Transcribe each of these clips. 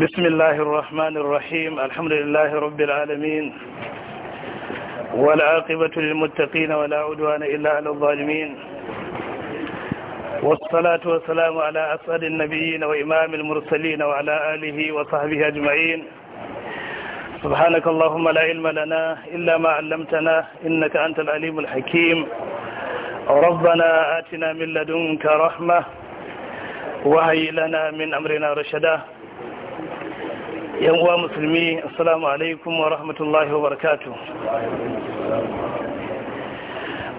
بسم الله الرحمن الرحيم الحمد لله رب العالمين والعاقبة للمتقين ولا عدوان إلا على الظالمين والصلاة والسلام على أسعد النبيين وإمام المرسلين وعلى آله وصحبه أجمعين سبحانك اللهم لا علم لنا إلا ما علمتنا إنك أنت العليم الحكيم ربنا آتنا من لدنك رحمة وهي لنا من أمرنا رشدا yan uwa musulmi assalamu alaikum wa rahmatullahi wa barakatu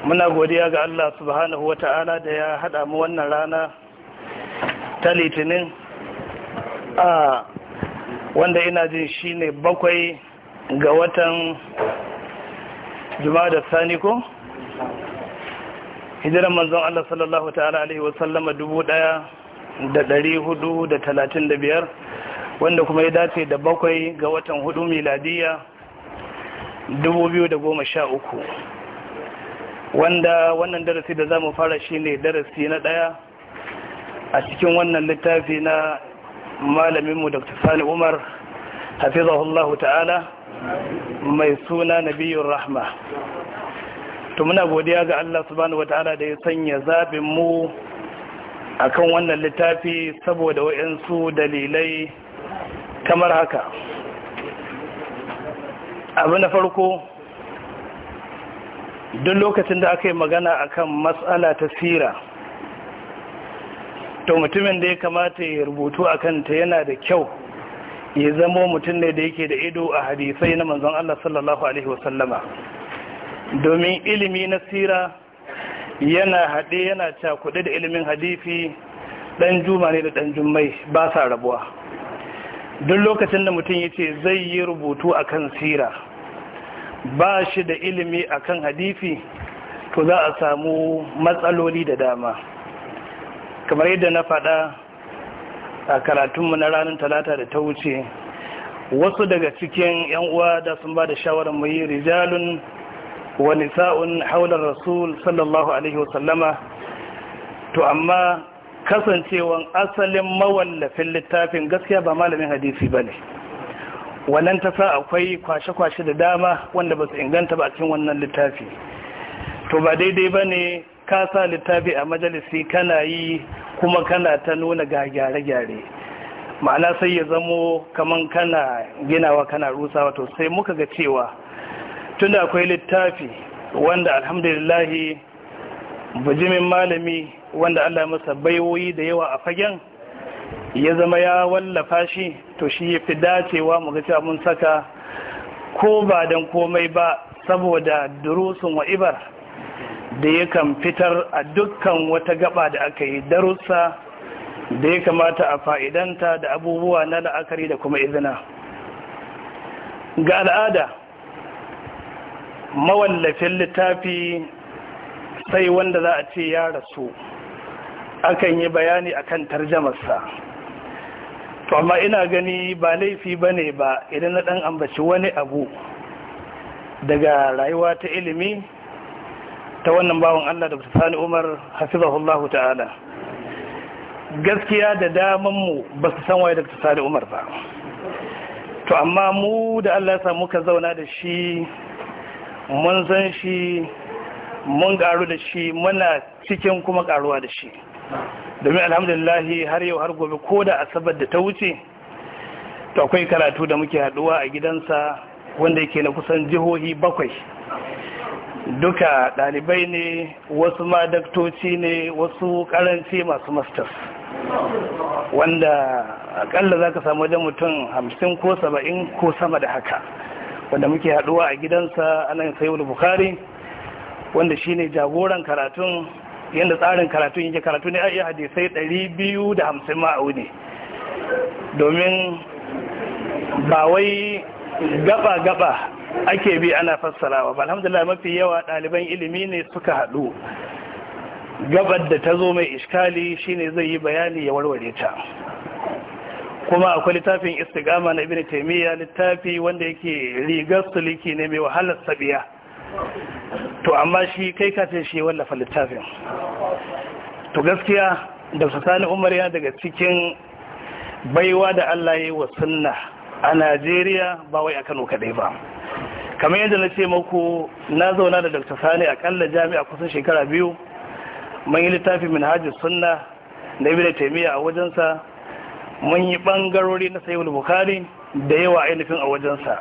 muna godiya ga Allah subhanahu wa ta'ala da ya hada mu wannan rana ta litinin a wanda ina jin shi ne bakwai ga watan juma'a da sani ko hijiran manzon Allah sallallahu ta'ala alaihi wa sallama dubu daya da dari hudu da talatin da biyar wanda kuma ya dace da bakwai ga watan hudu miladiya 2013 wanda wannan darasi da za mu fara shi ne darasi na daya a cikin wannan littafi na malaminmu dr sani umar hafizahullahu ta'ala mai suna nabiyun rahma to muna godiya ga allah subhanahu wata'ala da ya sanya zaɓin a kan wannan littafi saboda wa'yansu dalilai kamar haka abu na farko duk lokacin da aka yi magana akan matsala ta sira to mutumin da ya kamata ya rubutu a kanta yana da kyau ya zamo mutum ne da yake da ido a hadisai na manzon Allah sallallahu Alaihi wasallama domin ilimi na sira yana haɗe yana cakuɗe da ilimin hadisi ɗan juma ne da ɗan jummai ba sa rabuwa duk lokacin da mutum ya ce zai yi rubutu a kan sira ba shi da ilimi a kan hadifi to za a samu matsaloli da dama kamar yadda na faɗa a karatunmu na ranar talata da ta wuce wasu daga cikin 'yan uwa da sun ba da shawarar mu yi rijalun wa nisa'un haular rasul sallallahu alaihi wasallama to amma kasancewan asalin mawallafin littafin gaskiya ba malamin hadisi ba ne wannan ta sa akwai kwashe-kwashe da dama wanda ba su inganta ba cikin wannan littafi to ba daidai ba ne ka sa littafi a majalisi kana yi kuma kana ta nuna ga gyare-gyare ma'ana sai ya zamo kaman kana ginawa kana rusawa to sai muka ga cewa tunda akwai littafi wanda alhamdulillahi bujimin malami wanda Allah ya masa baiwoyi da yawa a fagen ya zama ya wallafa shi to shi ya fi dacewa mu ga cewa mun saka ko ba dan komai ba saboda durusun wa ibar da kan fitar a dukkan wata gaba da aka yi darussa da ya kamata a fa'idanta da abubuwa na la'akari da kuma izina ga al'ada mawallafin littafi sai wanda za a ce ya rasu akan yi bayani akan tarjamarsa to amma ina gani ba laifi ba ne ba idan na ɗan ambaci wani abu daga rayuwa ta ilimi ta wannan bawan Allah da sani umar hafizahullahu ta'ala gaskiya da damanmu ba su san waye da sani umar ba to amma mu da Allah ya muka zauna da shi mun san shi mun garu da shi muna cikin kuma karuwa da shi domin alhamdulillahi har yau har gobe ko da asabar da ta wuce to akwai karatu da muke haduwa a gidansa wanda yake na kusan jihohi bakwai duka dalibai ne wasu ma daktoci ne wasu karanci masu masters wanda akalla za ka samu wajen mutum hamsin ko saba'in ko sama da haka wanda muke haduwa a gidansa anan sayi bukari wanda shine jagoran karatun yadda tsarin karatun yake karatu ne a iya hadisai 250 ma'auni domin ba wai gaba-gaba ake bi ana fassarawa ba alhamdulillah mafi yawa ɗaliban ilimi ne suka haɗu gabar da ta zo mai iskali shine zai yi bayani ya warware ta kuma akwai littafin istigama na ibini taimiyya littafi wanda yake rigar suliki ne mai wahalar sabiya to amma shi kai ka ce shi wallafa littafin to gaskiya da sani umar yana daga cikin baiwa da Allah ya yi wa sunna a Najeriya ba wai a Kano kaɗai ba kamar yadda na ce maku na zauna da Dr. Sani a kalla jami'a kusan shekara biyu mun yi littafin minhajus sunna na da taymiya a wajensa mun yi bangarori na sayyid bukhari da yawa ainihin a wajensa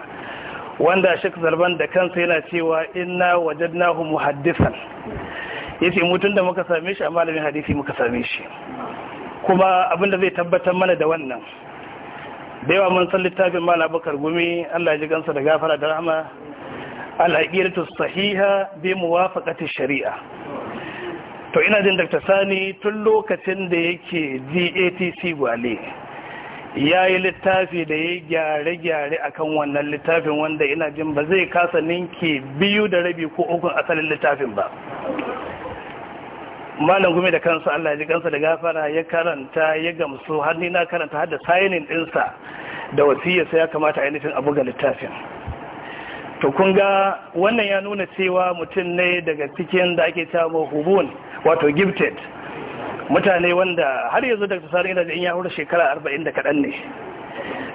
wanda shek zarban da kansa yana cewa inna nahu muhaddisan yace mutun da muka same shi a malamin hadisi muka same shi kuma abinda zai tabbatar mana da wannan da yawa mun san littafin malam bakar gumi Allah ya ji gansa da gafara da rahama al-aqidatu sahiha bi muwafaqati shari'a to ina jin Dr. Sani tun lokacin da yake GATC gwale ya yi littafi da ya gyare-gyare a kan wannan littafin wanda ina jin ba zai kasa ninki biyu da rabi ko ukun asalin littafin ba malam Gumi da kansa Allah ya kansa da gafara ya karanta ya gamsu har ni na karanta har da sayinin dinsa da wasiyarsa ya kamata ainihin abu ga littafin to kun ga wannan ya nuna cewa mutum ne daga cikin da ake cewa hubun wato gifted mutane wanda har yanzu da sani da in ya hura shekara arba'in da kaɗan ne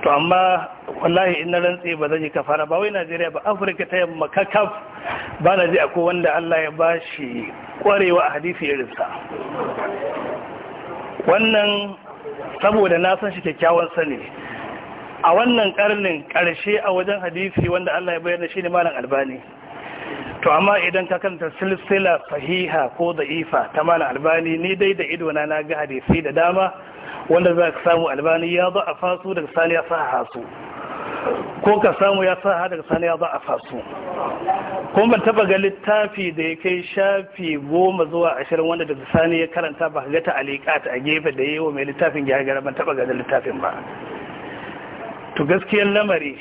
to amma wallahi in na rantse ba zai yi kafara ba wai najeriya ba afirka ta yamma kakaf ba na ji ko wanda allah ya ba shi kwarewa a hadisi irinsa wannan saboda na san shi kyakkyawan sani a wannan karnin ƙarshe a wajen hadisi wanda allah ya bayyana shi ne malam albani to amma idan ka kanta silsila fahiha ko da'ifa ta mana albani ni dai da idona na ga hadisi da dama wanda za ka samu albani ya za a fasu daga sani ya saha su ko ka samu ya saha daga sani ya za a fasu kuma ban taba ga littafi da ya kai shafi goma zuwa ashirin wanda daga sani ya karanta ba ga ta alikat a gefe da yawa mai littafin gyagara ban taba ga littafin ba to gaskiyar lamari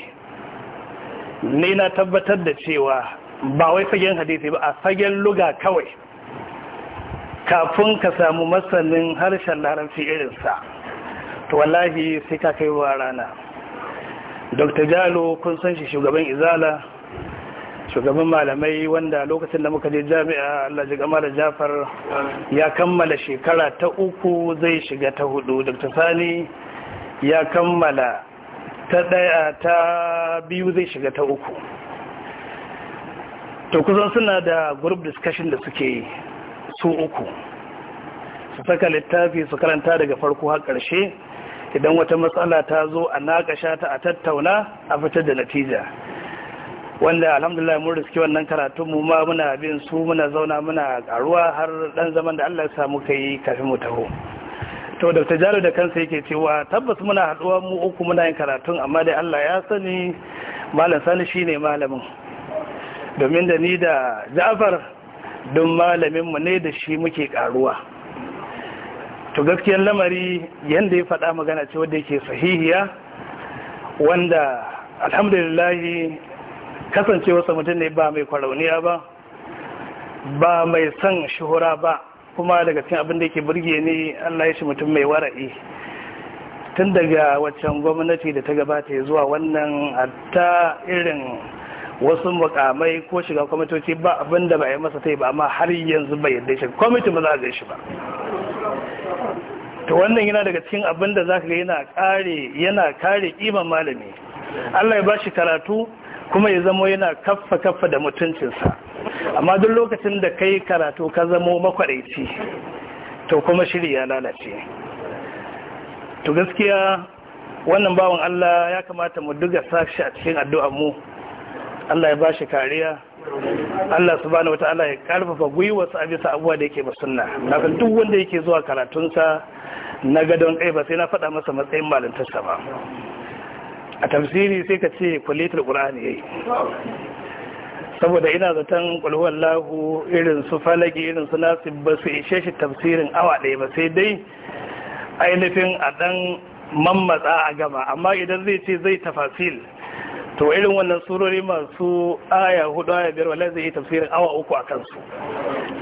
ne na tabbatar da cewa ba wai fagen hadisi ba a fagen luga kawai kafin ka samu masanin harshen larabci irinsa to wallahi sai ka kai wa rana dr jalo kun san shi shugaban izala shugaban malamai wanda lokacin da muka je jami'a Allah ji gama da jafar ya kammala shekara ta uku zai shiga ta hudu dr sani ya kammala ta daya ta biyu zai shiga ta uku to kusan suna da group discussion da suke su uku su saka littafi su karanta daga farko har ƙarshe idan wata matsala ta zo a naƙasha ta a tattauna a fitar da natija wanda alhamdulillah mun riski wannan karatun mu ma muna bin su muna zauna muna karuwa har dan zaman da Allah ya samu kai kafin mu taho to Dr. Jalo da kansa yake cewa tabbas muna haduwa mu uku muna yin karatun amma dai Allah ya sani malam sani shine malamin domin da ni da jafar don malaminmu ne da shi muke karuwa to gaskiyar lamari yadda ya faɗa magana ce wadda yake sahihiya wanda alhamdulillahi kasance wasu mutum ne ba mai kwarauniya ba ba mai son shuhura ba kuma daga cikin abin da yake burge ni allah ya shi mutum mai wara'i tun daga waccan gwamnati da ta gabata zuwa wannan hatta irin wasu mukamai ko shiga kwamitoci ba abin da ba yi masa ta ba amma har yanzu bai yadda shi kwamitin ba za a gan shi ba to wannan yana daga cikin abin da za ka yana kare yana kare kiman malami Allah ya bashi karatu kuma ya zamo yana kaffa kaffa da mutuncinsa amma duk lokacin da kai karatu ka zamo makwaraici to kuma shiri ya lalace to gaskiya wannan bawan Allah ya kamata mu duga sashi a cikin addu'ar mu Allah ya bashi kariya Allah subhanahu wataala ya karfafa gwiwarsa su abisa abuwa da yake sunna nakan duk wanda yake zuwa karatunsa na gadon kai ba sai na faɗa masa matsayin malintarsa ba a tafsiri sai ka ce kwalitar ƙura'ani yayi saboda ina zaton ƙulhuwar lahu irin su falagi irin su nasib ba su ishe shi tafsirin awa ɗaya ba sai dai ainihin a ɗan mammatsa a gaba amma idan zai ce zai tafasil to irin wannan surori masu aya hudu aya biyar wallahi zai yi tafsirin awa uku a kansu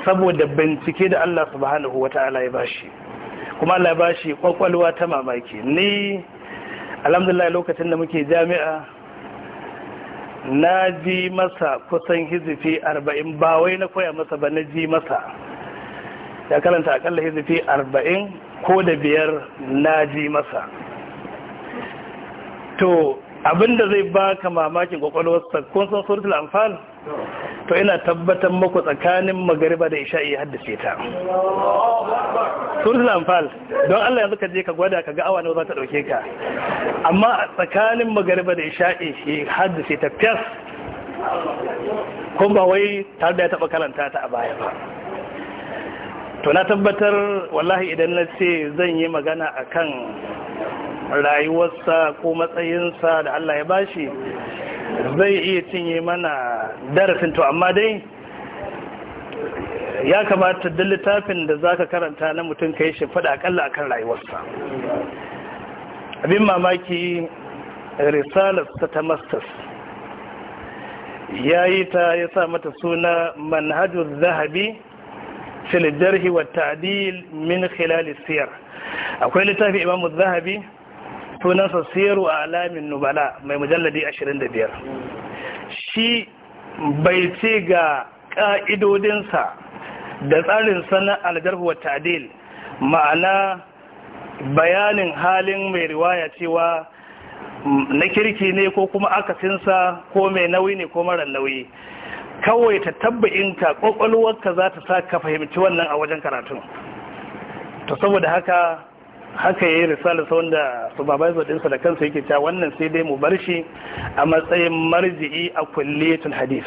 saboda bincike da Allah subhanahu wata'ala ya bashi kuma Allah ya bashi kwakwalwa ta mamaki ni alhamdulillah lokacin da muke jami'a na ji masa kusan hizifi arba'in ba wai na koya masa ba na ji masa ya karanta akalla hizifi arba'in ko da biyar na ji masa to Abin da zai baka mamakin kwakwalwarsa kun san suratul anfal to ina tabbatar muku tsakanin magariba da isha'i haddace ta suratul anfal don Allah yanzu ka je ka gwada ka ga awa nawa za ta dauke ka amma tsakanin magariba da isha'i shi haddace ta fiyas kuma wai tare da ya taba karanta ta a baya ba to na tabbatar wallahi idan na ce zan yi magana a kan rayuwarsa ko matsayinsa da Allah ya bashi zai iya cinye mana darasin to amma dai ya kamata duk littafin da za ka karanta na mutum ka yi shi faɗa akalla akan rayuwarsa abin mamaki risalar ta masters ya yi ta ya sa mata suna manhajar zahabi fil jarhi wa ta'dil min khilal siyar akwai littafi imamu zahabi sunansa siyaru a alamin nubala mai mujalladi 25 shi bai ce ga ƙa'idodinsa da tsarin sana aljarhu wa ta'dil ma'ana bayanin halin mai riwaya cewa na kirki ne ko kuma akasinsa ko mai nauyi ne ko mara nauyi kawai ta tabba'inka ƙwaƙwalwarka za ta sa ka fahimci wannan a wajen karatun to saboda haka haka ya yi risalarsa wanda supervisor ɗinsa da kansa yake cewa wannan sai dai mu bar shi a matsayin marji'i a kulliyatul hadis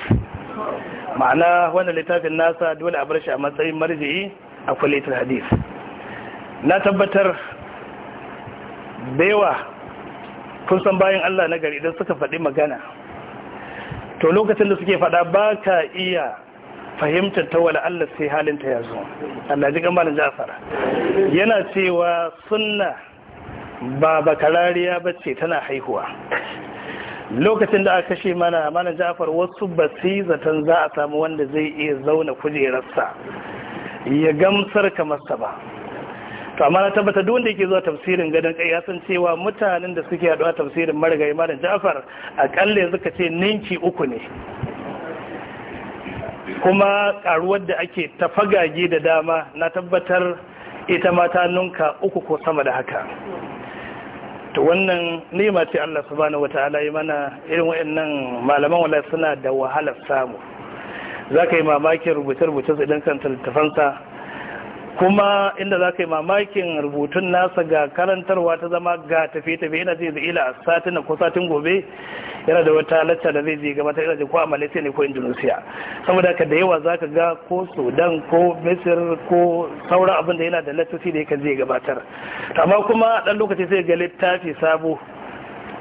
ma'ana wannan littafin nasa dole a bar shi a matsayin marji'i a kulliyatul hadis na tabbatar da yawa kun san bayan Allah na gari idan suka faɗi magana to lokacin da suke fada, ba ka iya fahimtar ta wala Allah sai halinta ya zo Allah ji gamalin Ja'far yana cewa sunna ba bakarariya bace tana haihuwa lokacin da aka kashe mana mana Ja'far wasu basizatan za a samu wanda zai iya zauna kujerarsa ya gamsar kamar sa ba to amma na tabbata duk wanda yake zuwa tafsirin gadon kai ya san cewa mutanen da suke haɗuwa tafsirin marigayi malam Ja'far akalla yanzu ka ce ninki uku ne kuma karuwar da ake tafagage da dama na tabbatar ita mata nunka uku ko sama da haka to wannan nema ce Allah subhanahu wataala yi mana irin wayannan malaman wala suna da wahalar samu zaka yi mamakin rubuce-rubuce idan kan littafansa kuma inda za ka yi mamakin rubutun nasa ga karantarwa ta zama ga tafiye-tafiye yana zai zai ila satin ko satin gobe yana da wata lacca da zai zai gabata yana da ko a malaysia ne ko indonesia saboda ka da yawa za ka ga ko sudan ko misir ko sauran abin da yana da laccoci da yake zai gabatar amma kuma dan lokaci sai ga littafi sabo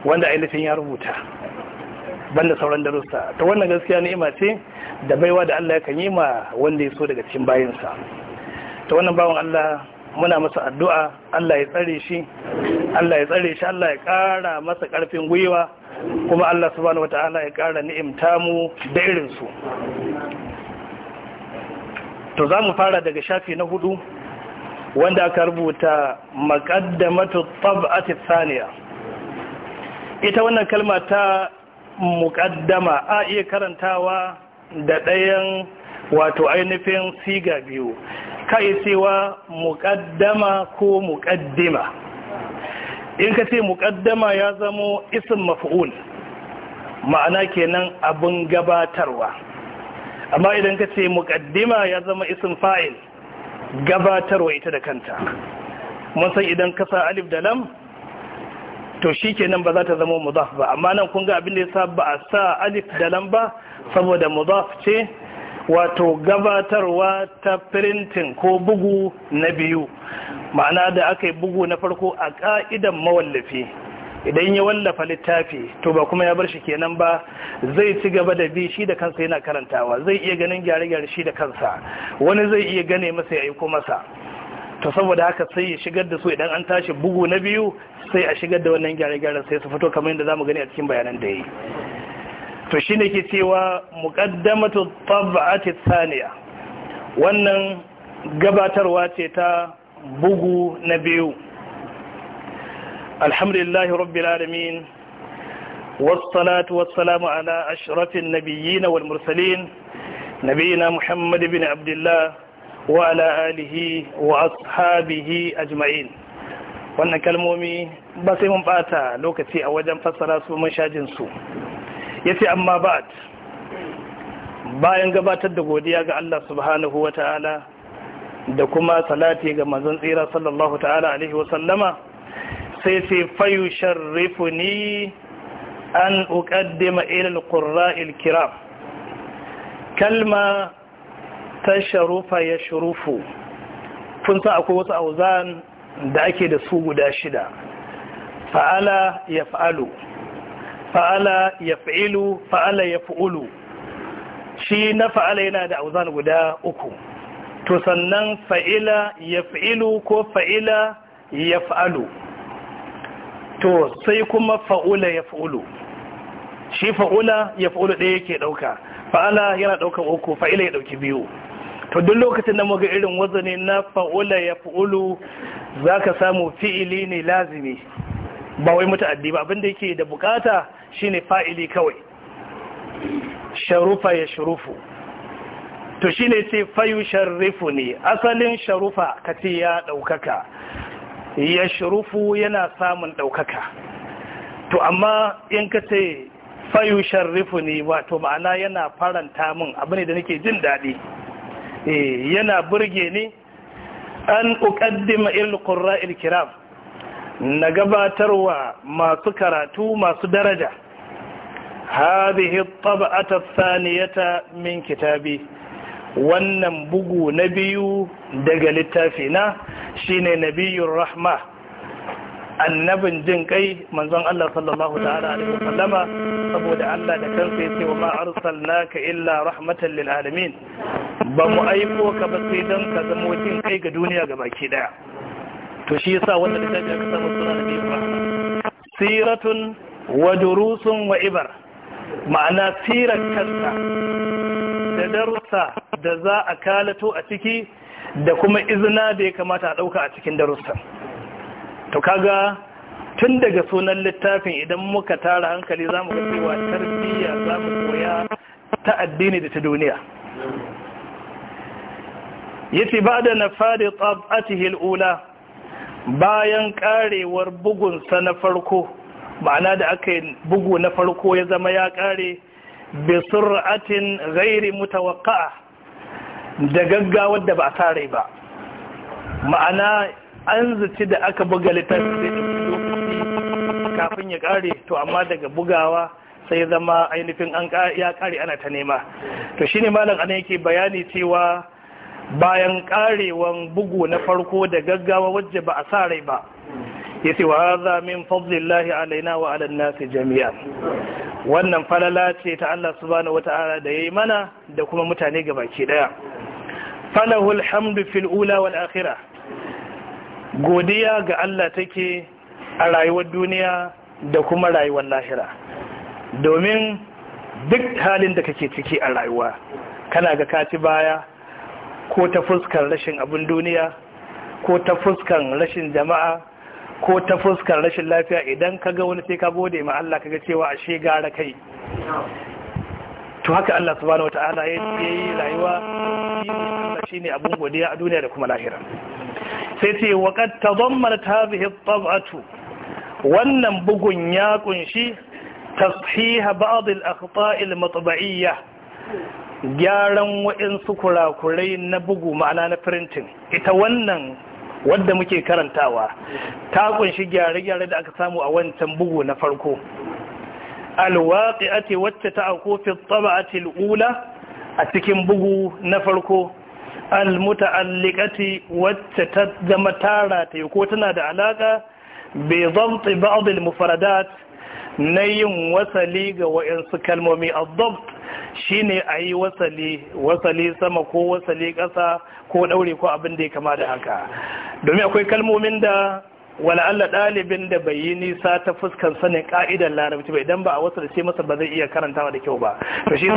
wanda ainihin ya rubuta banda sauran darussa ta wannan gaskiya ni'ima ce da baiwa da Allah ya kan yi ma wanda ya so daga cikin bayinsa ta wannan bawan Allah muna masa addu'a Allah ya tsare shi Allah ya tsare shi Allah ya ƙara masa ƙarfin gwiwa kuma Allah subhanahu ala ya ƙara ni'imta mu da irinsu to za mu fara daga shafi na hudu wanda aka rubuta maƙaddamatu a saniya ita wannan kalma ta muƙaddama a iya karantawa da ɗayan wato ainihin siga biyu kai cewa muƙaddama ko muƙaddima in ka ce muƙaddama ya zamo isin maf'ul ma'ana kenan abin gabatarwa amma idan ka ce muƙaddima ya zama isin fa'il gabatarwa ita da kanta mun san idan ka sa alif da lam to shi kenan ba za ta zama mudaf ba amma nan kun ga abin da ya sa ba a sa alif da lam ba saboda muzaf ce wato gabatarwa ta firintin ko bugu na biyu ma'ana da aka yi bugu na farko a ka'idan mawallafi idan ya wallafa littafi to ba kuma ya bar shi kenan ba zai ci gaba da bi shi da kansa yana karantawa zai iya ganin gyare-gyare shi da kansa wani zai iya gane masa ya aiko masa to saboda haka sai ya shigar da su idan an tashi bugu na biyu sai a shigar da wannan gyare-gyaren sai su fito kamar yadda za mu gani a cikin bayanan da yi to shi ne ke cewa muƙaddamatu tabba'ati saniya wannan gabatarwa ce ta bugu na biyu alhamdulillahi rabbil alamin wassalatu wassalamu ala ashrafin nabiyyin wal mursalin nabiyina muhammad bin abdullah wa ala alihi wa ashabihi ajma'in wannan kalmomi ba sai mun bata lokaci a wajen fassara su mun shajin su ya ce amma ba bayan gabatar da godiya ga Allah subhanahu wa ta'ala da kuma salati ga mazan tsira sallallahu ta'ala alaihi wa sallama sai ce fayu sharrifuni an uqaddima ila alqurra'il kiram kalma ya shurufu kun sa akwai wasu auzan da ake da su guda shida fa'ala fa'alu fa'ala ya fa'ilu fa'ala ya fa'ulu shi na fa'ala yana da auzan guda uku to sannan fa'ila ya fa'ilu ko fa'ila ya fa'alu to sai kuma fa'ula ya fa'ulu shi fa'ula ya fa'ulu ɗaya yake ɗauka fa'ala yana ɗaukan uku fa'ila ya ɗauki biyu to duk lokacin da muga irin wazani na fa'ula ya fa'ulu za ka samu fi'ili ne lazimi ba wai mutu'addi ba abinda yake da bukata shine fa'ili kawai sharufa ya shurufu to shine ce fayu sharrifu ne asalin sharufa kace ya ɗaukaka. ya shurufu yana samun ɗaukaka. to amma in ka kace fayu sharrifu ne wato ma'ana yana faranta min abu ne da nake jin daɗi eh, yana burge ni an uqaddima il qurra'il kiram na gabatarwa masu karatu masu daraja hadhihi tab'ata thaniyata min kitabi wannan bugu na biyu daga littafi na shine nabiyur rahma annabin jin kai manzon Allah sallallahu ta'ala alaihi wasallama saboda Allah da kansa yace wa ma arsalnaka illa rahmatan lil alamin ba mu aiko ka ba sai dan ka zama jin kai ga duniya gabaki daya to shi yasa wannan littafi aka samu suna da biyu siratun wa durusun wa ibar ma'ana sirar kanta da darussa da za a kalato a ciki da kuma izina da ya kamata a ɗauka a cikin darussa to kaga tun daga sunan littafin idan muka tara hankali za mu ga tarbiyya za mu koya ta addini da ta duniya yace ba da nafari tsab'atihi al'ula bayan karewar bugunsa na farko ma'ana da aka bugu na farko ya zama ya kare bi sur'atin ghairi mutawaqqa'a da gaggawa da ba tare ba ma'ana an zuci da aka buga littafin kafin ya kare to amma daga bugawa sai zama ainihin an ya kare ana ta nema to shine malam anan yake bayani cewa bayan karewan bugu na farko da gaggawa wajje ba a sa rai ba ya ce wa haza min fadlillahi alaina wa ala nasi jami'a wannan falala ce ta Allah subhanahu wata'ala da yayi mana da kuma mutane gabaki daya falahul hamdu fil ula wal akhirah godiya ga Allah take a rayuwar duniya da kuma rayuwar lahira domin duk halin da kake ciki a rayuwa kana ga kaci baya ko ta fuskan rashin abin duniya ko ta fuskar rashin jama'a ko ta fuskar rashin lafiya idan ka ga wani sai ka gode ma Allah ka ga cewa ashe gara kai to haka Allah subhanahu wata'ala ya yi rayuwa shi ne abin godiya a duniya da kuma lahira sai ce waƙad ta zommar ta zihe wannan bugun ya kunshi tashiha al-akhta' al matba'iyya gyaran waɗansu kurakurai na bugu ma'ana na printing ita wannan wadda muke karantawa ta kunshi gyare-gyare da aka samu a wancan bugu na farko alwaƙi'ati wacce ta akofin a ula a cikin bugu na farko almuta'alliqati wacce ta zama tara ta ko tana da alaƙa be dhabt ba'd mufaradat na yin wasali ga wayansu kalmomi a adabt shine a yi wasali sama ko wasali ƙasa ko ɗaure ko abin da ya kama da haka domin akwai kalmomin da wala'alla ɗalibin da bai yi nisa ta fuskan sanin ƙa'idar larabci bai idan ba a wasu da ce masa ba zai iya karantawa da kyau ba to shi za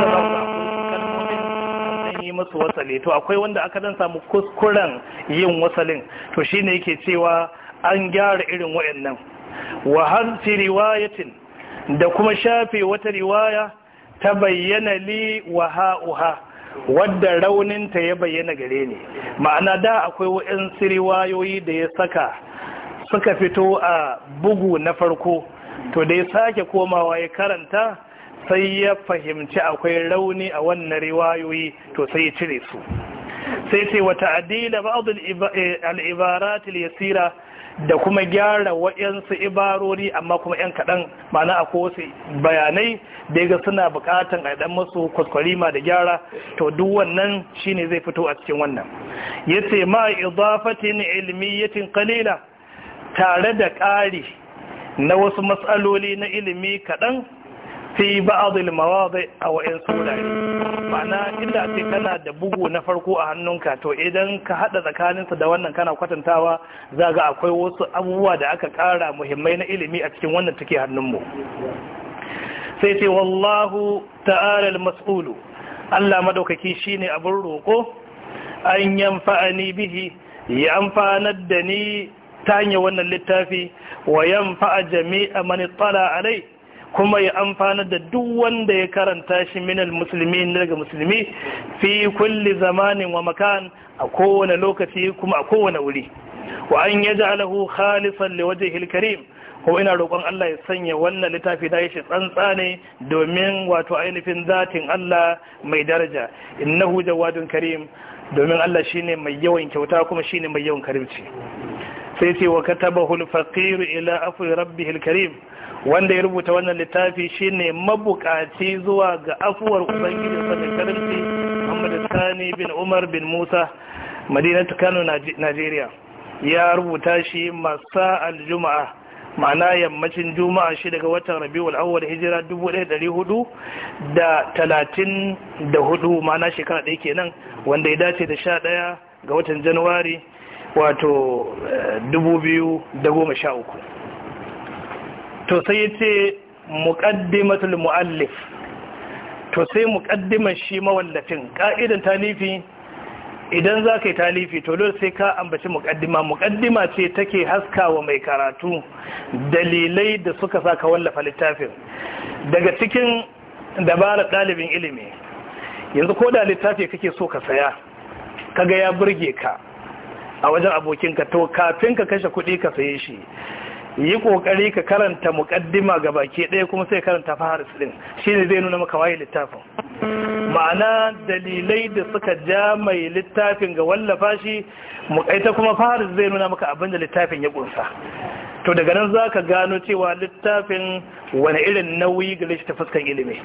yi masu wasali. to akwai wanda aka dan samu kuskuren yin wasalin to shi ne yake cewa an gyara irin wayannan wa hansi riwayatin da kuma shafe wata riwaya ta bayyana li wa ha'uha wadda rauninta ya bayyana gare ni ma'ana da akwai wa'in riwayoyi da ya saka suka fito a bugu na farko to da ya sake komawa ya karanta sai ya fahimci akwai rauni a wannan riwayoyi to sai ya cire su sai ce wata adila ba'adul eh, al'ibaratul yasira da kuma gyara wa'yansu ibarori amma kuma 'yan kaɗan mana a kowace bayanai da ya ga suna buƙatan a ɗan masu kwaskwarima da gyara to duk wannan shine zai fito a cikin wannan ya ce ma idafatin ilmiyyatin kalila tare da ƙari na wasu matsaloli na ilimi kaɗan fi ba'd al-mawadi aw in sulai ma'ana illa kana da bugu na farko a hannunka to idan ka hada tsakaninsa da wannan kana kwatantawa zaga akwai wasu abubuwa da aka kara muhimmai na ilimi a cikin wannan take mu sai sai wallahu ta'ala al-mas'ulu Allah madaukaki shine abin roko an yanfa'ani bihi ya amfanar da ni ta hanyar wannan littafi wa yanfa'a jami'a man tsala alai kuma ya amfana da duk wanda ya karanta shi minal musulmi daga musulmi fi kulli zamanin wa makan a kowane lokaci kuma a kowane wuri wa an ya yaj'alahu khalisan liwajhihi Karim ko ina roƙon Allah ya sanya wannan littafi da shi tsantsane domin wato ainihin zatin Allah mai daraja innahu jawadun karim domin Allah shine mai yawan kyauta kuma shine mai yawan karimci sai ce wa kataba al-faqir ila afi rabbih karim wanda ya rubuta wannan littafi shine mabukaci zuwa ga afuwar ubangiji sallallahu alaihi Muhammad Sani bin Umar bin Musa Madinatu Kano Nigeria ya rubuta shi masa al-juma'a ma'ana yammacin juma'a shi daga watan Rabiul Awwal hijira 1434 ma'ana shekara ɗaya kenan wanda ya dace da 11 ga watan Januwari wato 2013 eh, to sai ya ce muƙaddimatul mu'allif to sai muƙaddimar shi mawallafin ƙa'idan talifi idan za ka yi talifi to dole sai ka ambaci muƙaddima muƙaddima ce take haskawa mai karatu dalilai da suka sa ka wallafa littafin daga cikin dabarar ɗalibin ilimi yanzu ko da littafi kake so ka saya kaga ya burge ka a wajen abokinka to kafin ka kashe kuɗi ka saye shi yi kokari ka karanta mukaddima ga baki ɗaya kuma sai karanta faharis ɗin shi ne zai nuna maka waye littafin ma'ana dalilai da suka ja mai littafin ga wallafa shi mu kaita kuma faharis zai nuna maka abin da littafin ya ƙunsa to daga nan za ka gano cewa littafin wani irin nauyi ga shi ta fuskan ilimi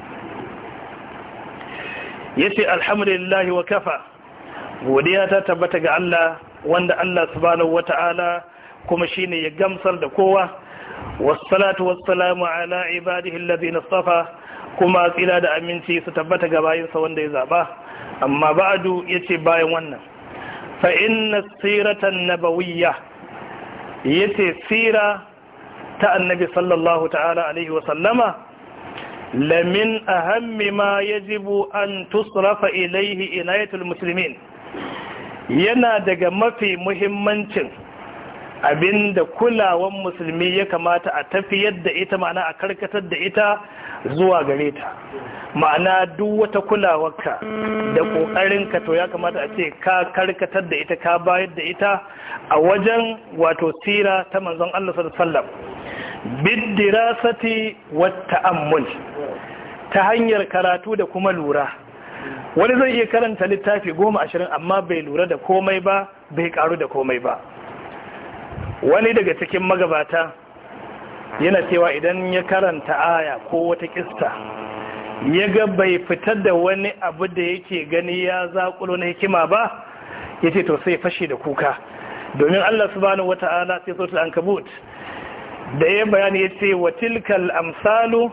yace ce alhamdulillah wa kafa godiya ta tabbata ga Allah wanda Allah subhanahu wata'ala kuma shine ya gamsar da kowa wassalatu wassalamu ala ibadihi alladhina istafa kuma tsira da aminci su tabbata ga bayinsa wanda ya zaba amma ba'du yace bayan wannan fa inna siratan nabawiyya yace sira ta annabi sallallahu ta'ala alaihi wa sallama lamin ahammi ma yajibu an tusrafa ilaihi inayatul muslimin yana daga mafi muhimmancin abinda kulawan musulmi ya kamata a tafiyar da ita ma'ana a karkatar da ita zuwa gare ta ma'ana duk wata kulawarka da kokarin ka to ya kamata a ce ka karkatar da ita ka bayar da ita a wajen wato sira ta manzon Allah sallallahu alaihi wasallam bid dirasati wat ta hanyar karatu da kuma lura wani zai iya karanta littafi goma ashirin amma bai lura da komai ba bai karu da komai ba wani daga cikin magabata yana cewa idan ya karanta aya ko wata kista ya ga bai fitar da wani abu da yake gani ya zaƙulo na hikima ba ya ce to sai fashe da kuka domin Allah subhanahu Ta'ala sai an ankabut da ya bayani ya ce wa tilkal amsalu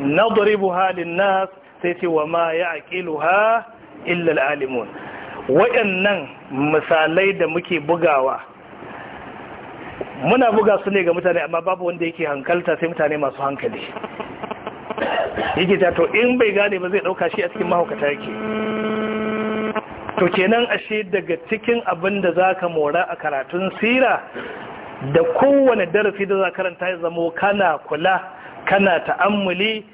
nadribuha halin nas sai ce wa ma ya ha illal alimun waɗannan misalai da muke bugawa muna buga su ne ga mutane amma babu wanda yake hankalta sai mutane masu hankali yake ta to in bai gane ba zai ɗauka shi a cikin mahaukata yake to kenan ashe daga cikin abin da za ka mora a karatun sira da kowane darasi da za karanta ya zamo kana kula kana ta'ammuli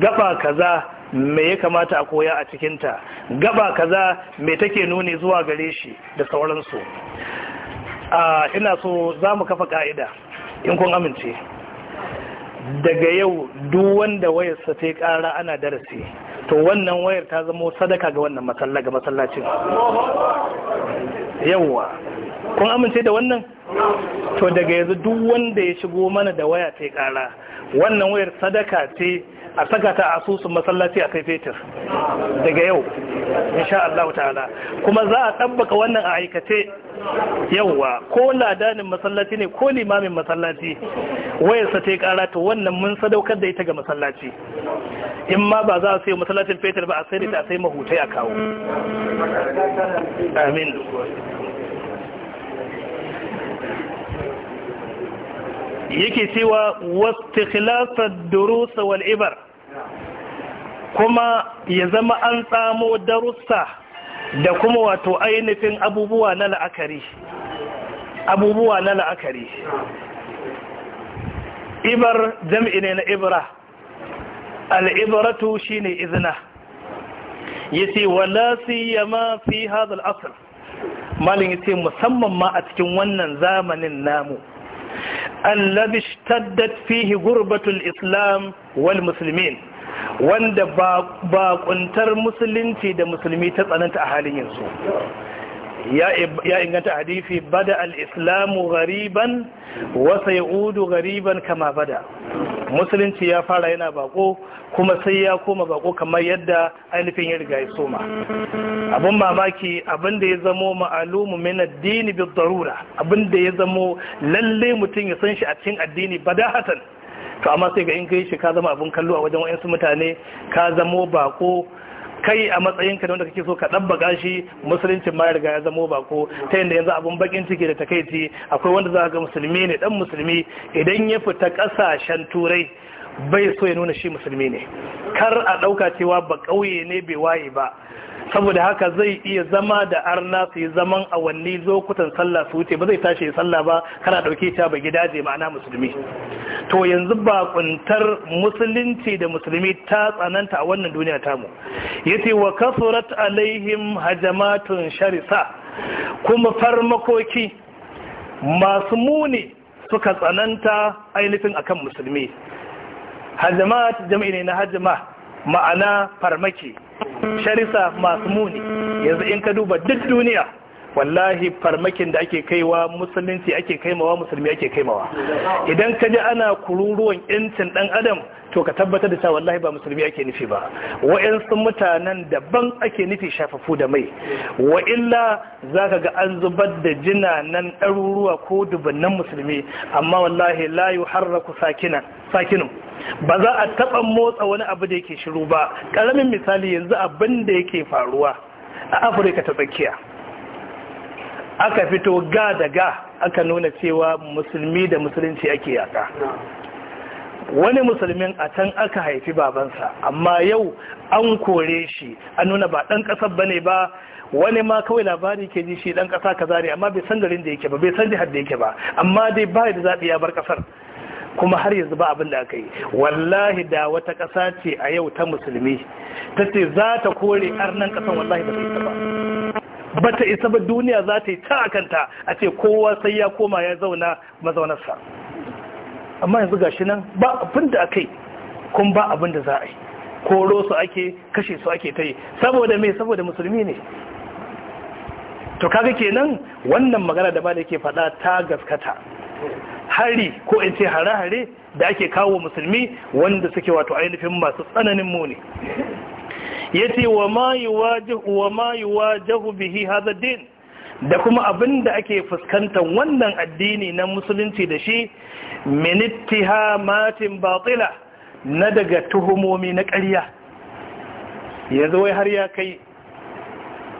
gaba kaza me ya kamata a koya a cikinta gaba kaza me take nuni zuwa gare shi da sauransu ina so za mu kafa ka'ida in kun amince daga yau duk wanda wayarsa ta kara ana darasi to wannan wayar ta zama sadaka ga wannan masallacin yauwa kun amince da wannan to daga yanzu duk wanda ya shigo mana da waya ta kara wannan wayar sadaka ce a saka ta asusun masallaci a kai fetur daga yau insha Allah ta'ala kuma za a tabbaka wannan a aikace yauwa ko ladanin masallaci ne ko limamin masallaci wayarsa ta kara to wannan mun sadaukar da ita ga masallaci in ma ba za a sai masallacin fetur ba a sai da ta sai mahutai a kawo amin yake cewa wastikhlafat durusa wal ibar kuma ya zama an tsamo darussa da kuma wato ainihin abubuwa na la'akari abubuwa na la'akari ibar jam'i ne na ibra al'ibaratu shine izina yace wala siyama fi hadha al-asr ya yace musamman ma a cikin wannan zamanin namu allabi shtaddat fihi gurbatul islam wal muslimin wanda bakuntar musulunci da musulmi ta tsananta a halin yanzu ya inganta hadisi bada al gariban wasa ya udu gariban kama bada musulunci ya fara yana bako kuma sai ya koma bako kamar yadda ainihin ya riga ya soma abin mamaki abin da ya zamo ma'alumu mai addini bi darura abin da ya zamo lalle mutum ya san shi a cikin addini hatan to amma sai ga in kai shi ka zama abin kallo a wajen wayansu mutane ka zamo bako kai a matsayinka da wanda kake so ka dabba shi musuluncin ma riga ya zamo ko ta yadda yanzu abun bakin ciki da takaici akwai wanda za ga musulmi ne dan musulmi idan ya fita ƙasashen turai bai so ya nuna shi musulmi ne kar a ɗauka cewa ba ƙauye ne bai waye ba saboda haka zai iya zama da arna su yi zaman awanni lokutan sallah su wuce ba zai tashi sallah ba kana dauke ta ba gida je ma'ana musulmi to yanzu bakuntar musulunci da musulmi ta tsananta a wannan duniya tamu yace wa kasurat alaihim hajamatun sharisa kuma farmakoki masu muni suka tsananta ainihin akan musulmi hajamat jami'i ne na hajama ma'ana farmaki sharisa masu muni yanzu in ka duba duk duniya wallahi farmakin da ake kaiwa musulunci ake kaimawa musulmi ake kaimawa idan ka ji ana kururuwan yancin dan adam to ka tabbatar da cewa wallahi ba musulmi ake nufi ba sun mutanen daban ake nufi shafafu da mai wa illa za ka ga an zubar da jina nan ɗaruruwa ko dubannan musulmi amma wallahi layu harraku sakinan ba za a taɓa motsa wani abu da yake shiru ba ƙaramin misali yanzu abin da yake faruwa a afirka ta tsakiya aka fito ga da ga aka nuna cewa musulmi da musulunci ake yaka wani musulmin a can aka haifi babansa amma yau an kore shi a nuna ba ɗan ƙasar ba ne ba wani ma kawai labari ke ji shi ɗan ƙasa kaza ne amma bai san garin da yake ba bai san jihar da yake ba amma dai ba da zaɓi ya bar ƙasar kuma har yanzu ba abin da aka yi wallahi da wata ƙasa ce a yau ta musulmi ta ce za ta kore arnan ƙasan wallahi ba ta isa ba ba ta isa ba duniya za ta yi ta a kanta a ce kowa sai ya koma ya zauna mazaunarsa amma yanzu gashi nan ba abin da aka yi kuma ba abin da za a yi koro su ake kashe su ake ta yi saboda mai saboda musulmi ne to kaga kenan wannan magana da ba da ke faɗa ta gaskata hari ko in ce hare-hare da ake kawo musulmi wanda suke wato ainihin masu tsananin muni ya ce wa ma yi jahu bihi hazardin da kuma abin da ake fuskantar wannan addini na musulunci da shi ha matin batila na daga tuhumomi na ƙarya yanzu wai har ya kai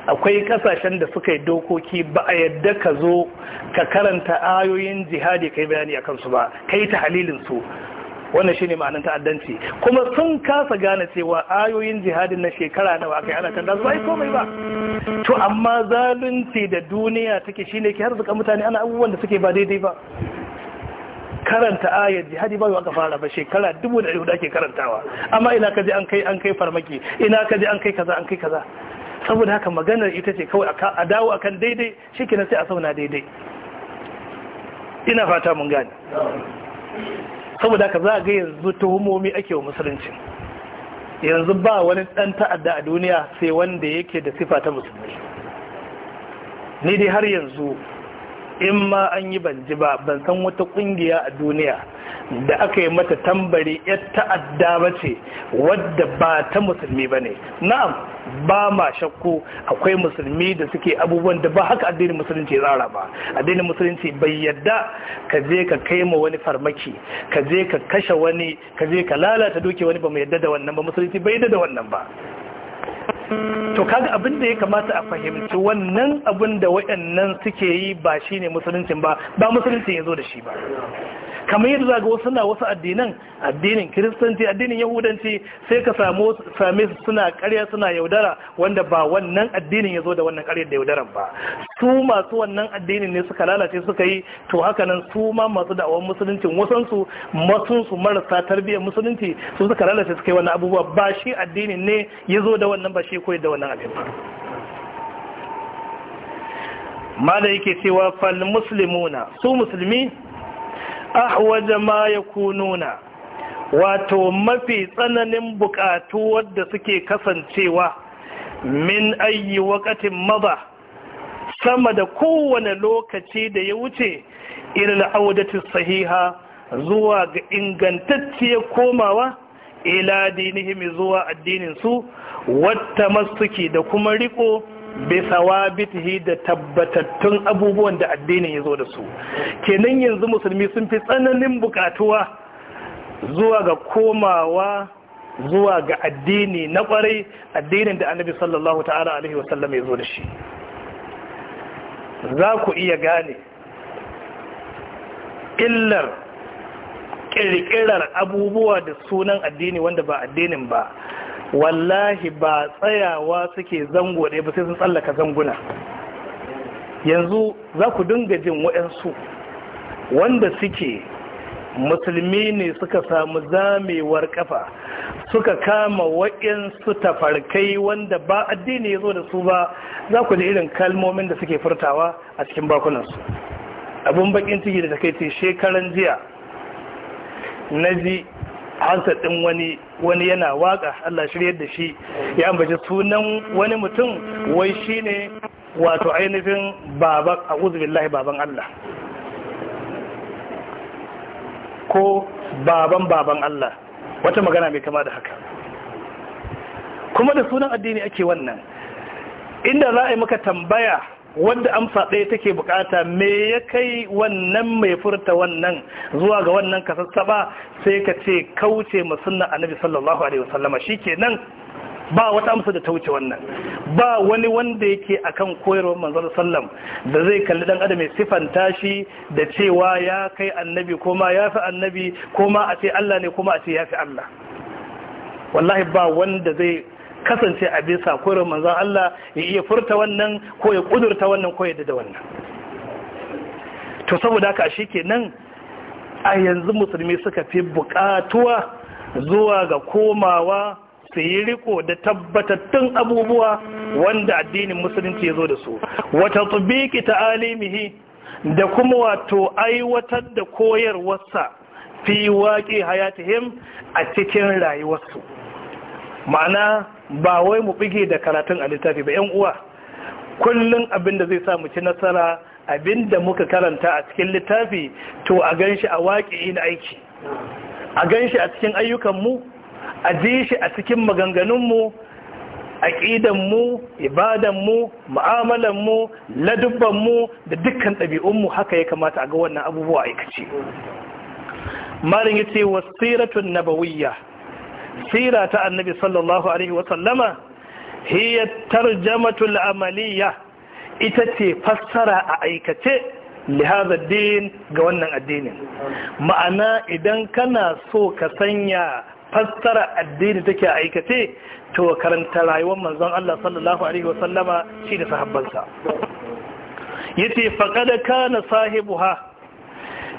akwai kasashen da suka yi dokoki ba a yadda ka zo ka karanta ayoyin jihadi kai bayani a kansu ba kai ta halilin su wannan shi ne ma'anin ta'addanci kuma sun kasa gane cewa ayoyin jihadin na shekara nawa a kai ana kan su ai komai ba to amma zalunci da duniya take shi ne ke harzuka mutane ana abubuwan da suke ba daidai ba karanta ayar jihadi ba aka fara ba shekara dubu da ake karantawa amma ina kaji an kai an kai farmaki ina kaji an kai kaza an kai kaza saboda haka maganar ita ce kawai a dawo akan daidai shi sai a sauna daidai ina fata mun gane saboda haka za a ga yanzu tuhumomi ake wa musulunci yanzu ba wani ɗan ta'adda a duniya sai wanda yake da sifa ta musulmi ni dai har yanzu in ma an yi ban ji ba ban san wata kungiya a duniya da aka yi mata tambari ya ta'adda ba ce wadda ba ta musulmi ba ne na'am ba ma shakku akwai musulmi da suke abubuwan da ba haka addinin musulunci tsara ba addinin musulunci bai yadda ka je ka kai ma wani farmaki ka je ka kashe wani ka je ka lalata doke wani ba mu yadda da wannan ba musulunci bai yadda da wannan ba to kaga abin da ya kamata a fahimci wannan abin da waɗannan suke yi ba shine musuluncin ba ba musuluncin ya zo da shi ba kamar yadda zaga wasu na wasu addinan addinin kiristanci addinin yahudanci sai ka same su suna karya suna yaudara wanda ba wannan addinin ya zo da wannan karyar da yaudaran ba su masu wannan addinin ne suka lalace suka yi to haka nan su ma masu da'awar musulunci wasansu masunsu marasa tarbiyyar musulunci su suka lalace suka yi wannan abubuwa ba shi addinin ne ya zo da wannan ba shi koyar da wannan abin ma da yake cewa fal muslimuna su musulmi ahwaja ma yakununa wato mafi tsananin bukatu wadda suke kasancewa min ayi waqatin madha sama da kowane lokaci da ya wuce irin audatu sahiha zuwa ga ingantacciyar komawa ila dinihimi zuwa addininsu, su wata masuki da kuma riko bisa wabitihi da tabbatattun abubuwan da addinin ya zo da su kenan yanzu musulmi sun fi tsananin bukatuwa zuwa ga komawa zuwa ga addini na kwarai addinin da annabi sallallahu ta'ala alaihi wasallam ya zo da shi za ku iya gane illar ƙirƙirar abubuwa da sunan addini wanda ba addinin ba wallahi ba tsayawa suke zango ɗaya ba sai sun tsallaka zanguna yanzu za ku dinga jin waɗansu wanda suke musulmi ne suka samu zamewar kafa suka kama waɗansu tafarkai wanda ba addini ya zo da su ba za ku ji irin kalmomin da suke furtawa a cikin bakunansu abin bakin ciki da kai ce shekaran jiya na ji hansar ɗin wani wani yana waka Allah shirya da shi ya ambaci sunan wani mutum wai shi ne, wato ainihin baban baban Allah ko baban baban Allah wata magana mai kama da haka kuma da sunan addini ake wannan inda za a yi maka tambaya wanda amsa ɗaya take bukata me ya kai wannan mai furta wannan zuwa ga wannan kasassaba sai ka ce kauce ma sunna annabi sallallahu alaihi wasallama shikenan ba wata amsa da ta wuce wannan ba wani wanda yake akan koyarwar Manzara sallam da zai kalli dan adam mai sifanta shi da cewa ya kai annabi ko ya fi annabi ko ma a ce Allah ne kuma a ce ya fi Allah wallahi ba wanda zai kasance a bisa koyarwar manzon Allah ya iya furta wannan ko ya kudurta wannan ko ya da wannan to saboda haka shikenan a yanzu musulmi suka fi bukatuwa zuwa ga komawa su yi riko da tabbatattun abubuwa wanda addinin musulunci ya zo da su wata tsubiki ta alimihi da kuma wato aiwatar da koyarwarsa fi waƙe hayatihim a cikin rayuwarsu ma'ana ba wai mu bige da karatun a littafi ba yan uwa kullum abinda zai sa mu ci nasara abinda muka karanta a cikin littafi to a ganshi a waƙe na aiki a ganshi a cikin ayyukanmu a ji shi a cikin maganganunmu aƙidanmu ibadanmu mu'amalanmu ladubbanmu da dukkan ɗabi'unmu haka ya kamata a ga wannan abubuwa aikace marin ya ce wa wasiratun nabawiyya sira ta annabi sallallahu alaihi wasallama hiya tarjamatul amaliyya ita ce fassara a aikace lihazar din ga wannan addinin ma'ana idan kana so ka sanya fassara addini take aikace to karanta rayuwar manzon Allah sallallahu alaihi wasallama shi da sahabbansa yace kada kana sahibuha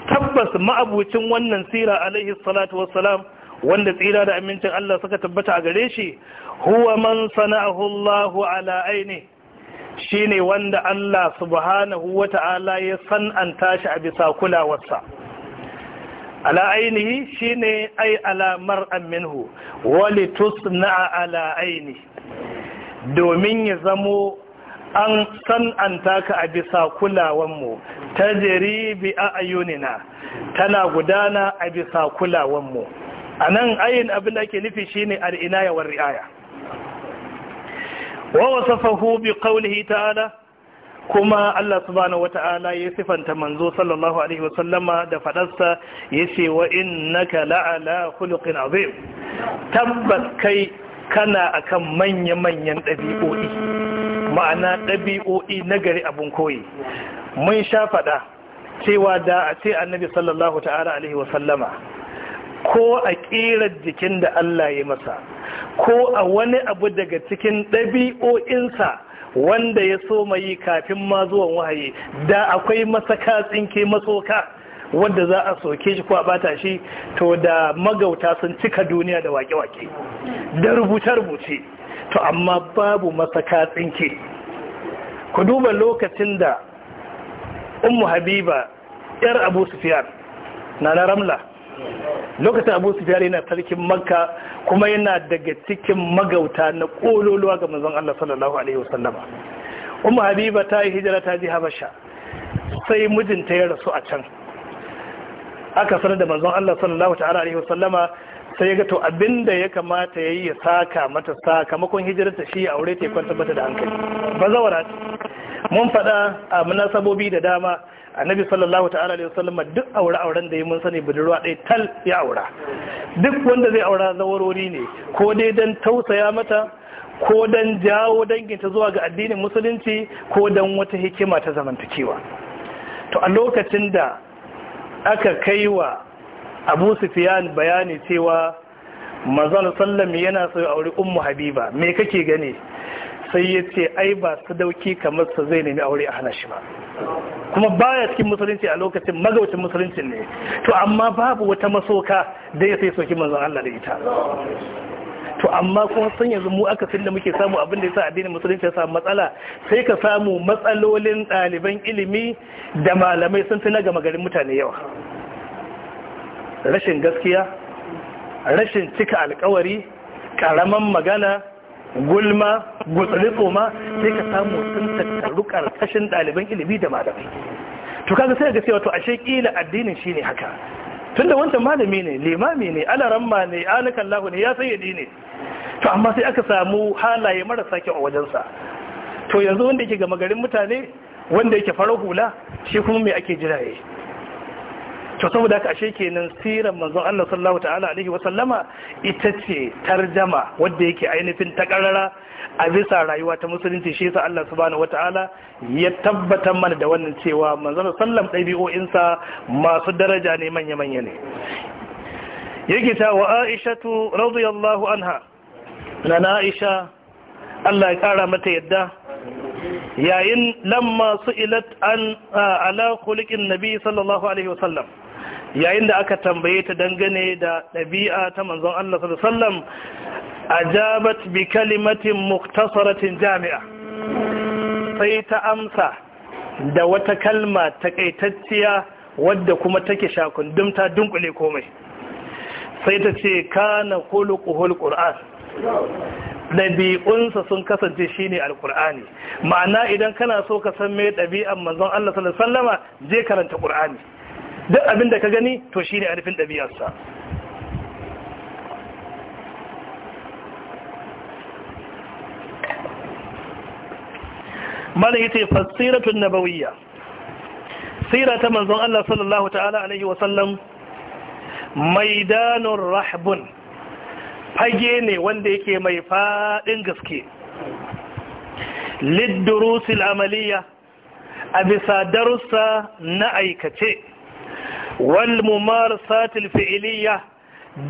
tabbas ma'abucin wannan sira alaihi salatu wassalam wanda tsira da amincin Allah suka tabbata a gare shi huwa man sana'ahu Allah ala aini shine wanda Allah subhanahu wata'ala ya san'anta shi a bisa kulawarsa ala ainihi shine ai alamar aminhu minhu wali tusna ala aini domin ya zamo an san'anta ka a bisa kulawanmu ta bi a ayunina tana gudana a bisa kulawanmu a nan ayin abin da ke nufi shine al'inaya wa ri'aya wa wasafahu bi qawlihi ta'ala kuma Allah subhanahu wata'ala ya sifanta manzo sallallahu alaihi wasallama da fadarsa yace wa innaka la'ala khuluqin azim tabbas kai kana akan manya-manyan ɗabi'o'i ma'ana ɗabi'o'i nagari gari abin koyi mun sha faɗa cewa da a ce annabi sallallahu ta'ala alaihi wasallama ko a ƙirar jikin da Allah ya masa ko a wani abu daga cikin ɗabi'o'insa wanda ya so mai kafin ma zuwan wahayi da akwai masaka tsinke masoka wanda za a soke shi ko a bata shi to da magauta sun cika duniya da wake-wake da rubuce-rubuce to amma babu masaka tsinke ku duba lokacin da ummu habiba yar abu sufiyar na na ramla lokacin abu fiye yana sarkin makka kuma yana daga cikin magauta na kololuwa ga manzon Allah sallallahu alaihi wasallama Umar habiba ta yi hijira ta ji habasha sai mijinta ya rasu a can aka sanar da manzon Allah sallallahu alaihi wasallama sai ga to abinda ya kamata ya yi ya saka mata sakamakon hijirarta shi aure ta kwanta bata da hankali mun faɗa a munasabobi da dama annabi sallallahu ta'ala duk aure auren da ya mun sani budurwa ɗaya tal ya aura duk wanda zai aura zawarori ne ko dai don tausaya mata ko don jawo danginta zuwa ga addinin musulunci ko don wata hikima ta zamantakewa to a lokacin da aka kai wa abu sufiyan bayani cewa manzon sallam yana so aure ummu habiba me kake gani? sai ya ce ai ba sadauki kamar sa zai nemi aure a hana shi ba kuma baya cikin musulunci a lokacin magaucin musulunci ne to amma babu wata masoka da ya sai soki manzon Allah da ita to amma kuma sun yanzu mu aka da muke samu abin da ya sa addinin musulunci ya samu matsala sai ka samu matsalolin ɗaliban ilimi da malamai sun fi na gama garin mutane yawa rashin gaskiya rashin cika alkawari karaman magana gulma gutsuri ma sai ka samu sun tattaru karkashin ɗaliban ilimi da malamai to kaga sai ga cewa to ashe kila addinin shine haka tunda wancan malami ne limami ne alaramma ne alakallahu ne ya ya ne to amma sai aka samu halaye marasa kyau a wajensa to yanzu wanda yake ga garin mutane wanda yake farar hula shi kuma mai ake jiraye to saboda haka ashe kenan siran manzon Allah sallallahu ta'ala alaihi wa sallama ita ce tarjama wanda yake ainihin ta a bisa rayuwa ta musulunci shi yasa Allah subhanahu wata'ala ya tabbatar mana da wannan cewa manzon sallam ɗabi'o'insa masu daraja ne manya-manya ne yake ta wa aishatu radiyallahu anha na aisha Allah ya kara mata yadda yayin lamma su ilat an ala khuliqin nabi sallallahu alaihi wasallam yayin da aka tambaye ta dangane da ɗabi'a ta manzon Allah sallallahu alaihi ajabat bi kalimatin muktasaratin jami'a sai ta amsa da wata kalma takaitacciya wadda kuma take shakundum ta dunkule komai sai ta ce kana khuluquhul qur'an ɗabi'unsa sun kasance shine ne alƙur'ani ma'ana idan kana so ka san mai ɗabi'an manzon Allah sallallahu alaihi wasallama je karanta ƙur'ani duk abin da ka gani to shi ne nufin ɗabi'arsa mana ce fasiratun nabawiyya sira ta manzon Allah sallallahu ta'ala alaihi Wasallam, Maidanun rahbun fage ne wanda yake mai faɗin gaske lidurusil amaliya a bisa darussa na aikace wal satil fi'iliya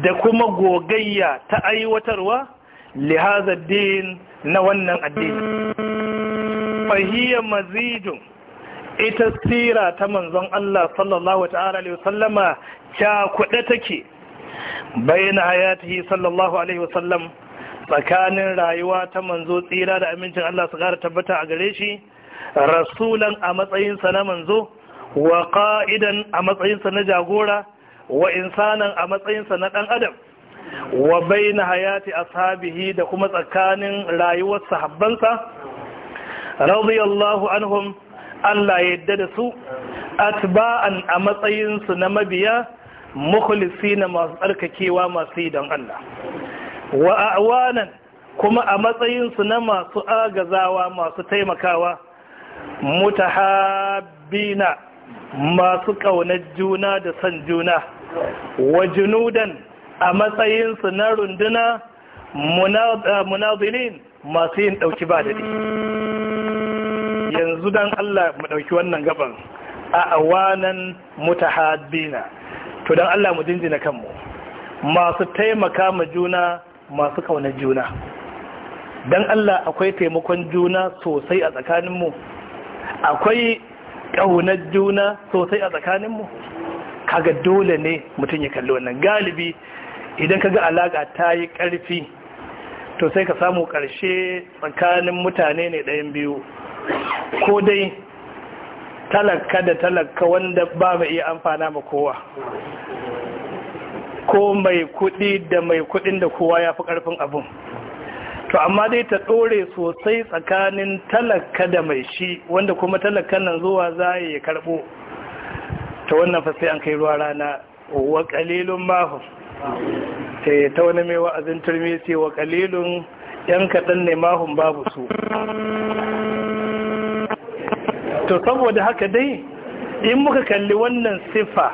da kuma gogayya ta aiwatarwa li din na wannan addini fahiyar mazijun ita tsira ta manzon Allah sallallahu ta'ala alaihi wasallama ta kuɗe take bayan hayatihi sallallahu alaihi wasallam tsakanin rayuwa ta manzo tsira da amincin Allah su gara tabbata a gare shi rasulan a matsayinsa na manzo wa ƙa'idan a matsayinsa na jagora wa insanan a matsayinsa na ɗan adam wa baina hayati ashabihi da kuma tsakanin rayuwar sahabbansa radiyallahu anhum Allah ya yadda da su atba'an a matsayinsu na mabiya na masu tsarkakewa masu yi don Allah wa a'wanan kuma a matsayinsu na masu agazawa masu taimakawa mutahabbina masu ƙaunar juna da son juna wa junudan a matsayinsu na runduna eh, munazilin masu yin ɗauki ba daɗi yanzu don Allah mu ɗauki wannan gaban a awanan mutahadina to don Allah mu jinjina kanmu masu taimaka ma juna masu ƙaunar juna don Allah akwai taimakon juna sosai a tsakaninmu akwai ƙaunar juna sosai a tsakaninmu kaga dole ne mutum ya kalli wannan galibi idan kaga alaƙa ta yi ƙarfi to sai ka samu ƙarshe tsakanin mutane ne ɗayan biyu ko dai talaka da talaka wanda ba mai iya amfana ma kowa ko mai kuɗi da mai kuɗin da kowa ya fi ƙarfin abin. to amma dai ta ɗore sosai tsakanin talaka da mai shi wanda kuma talakan nan zuwa za a yi karɓo ta wannan fa an kai ruwa rana wa ƙalilun mahu. ta wani mai wa'azin turmi sai wa ƙalilun yan kaɗan ne mahum babu su to saboda haka dai in muka kalli wannan siffa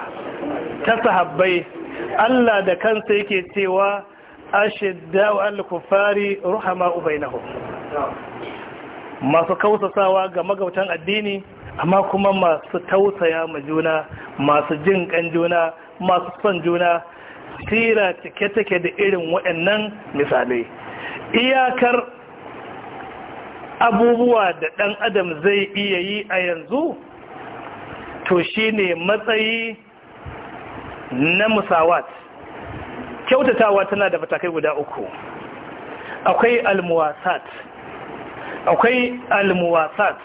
ta sahabbai Allah da kansa yake cewa ashidda wa al-kuffari ruhama ubainahu masu kausasawa ga magautan addini amma kuma masu tausaya ma juna masu jin kan juna masu son juna sira take take da irin waɗannan misalai iyakar abubuwa da ɗan adam zai iya yi a yanzu to shine matsayi na musawat kyautatawa tana da matakai guda uku akwai almuwasat akwai almuwasat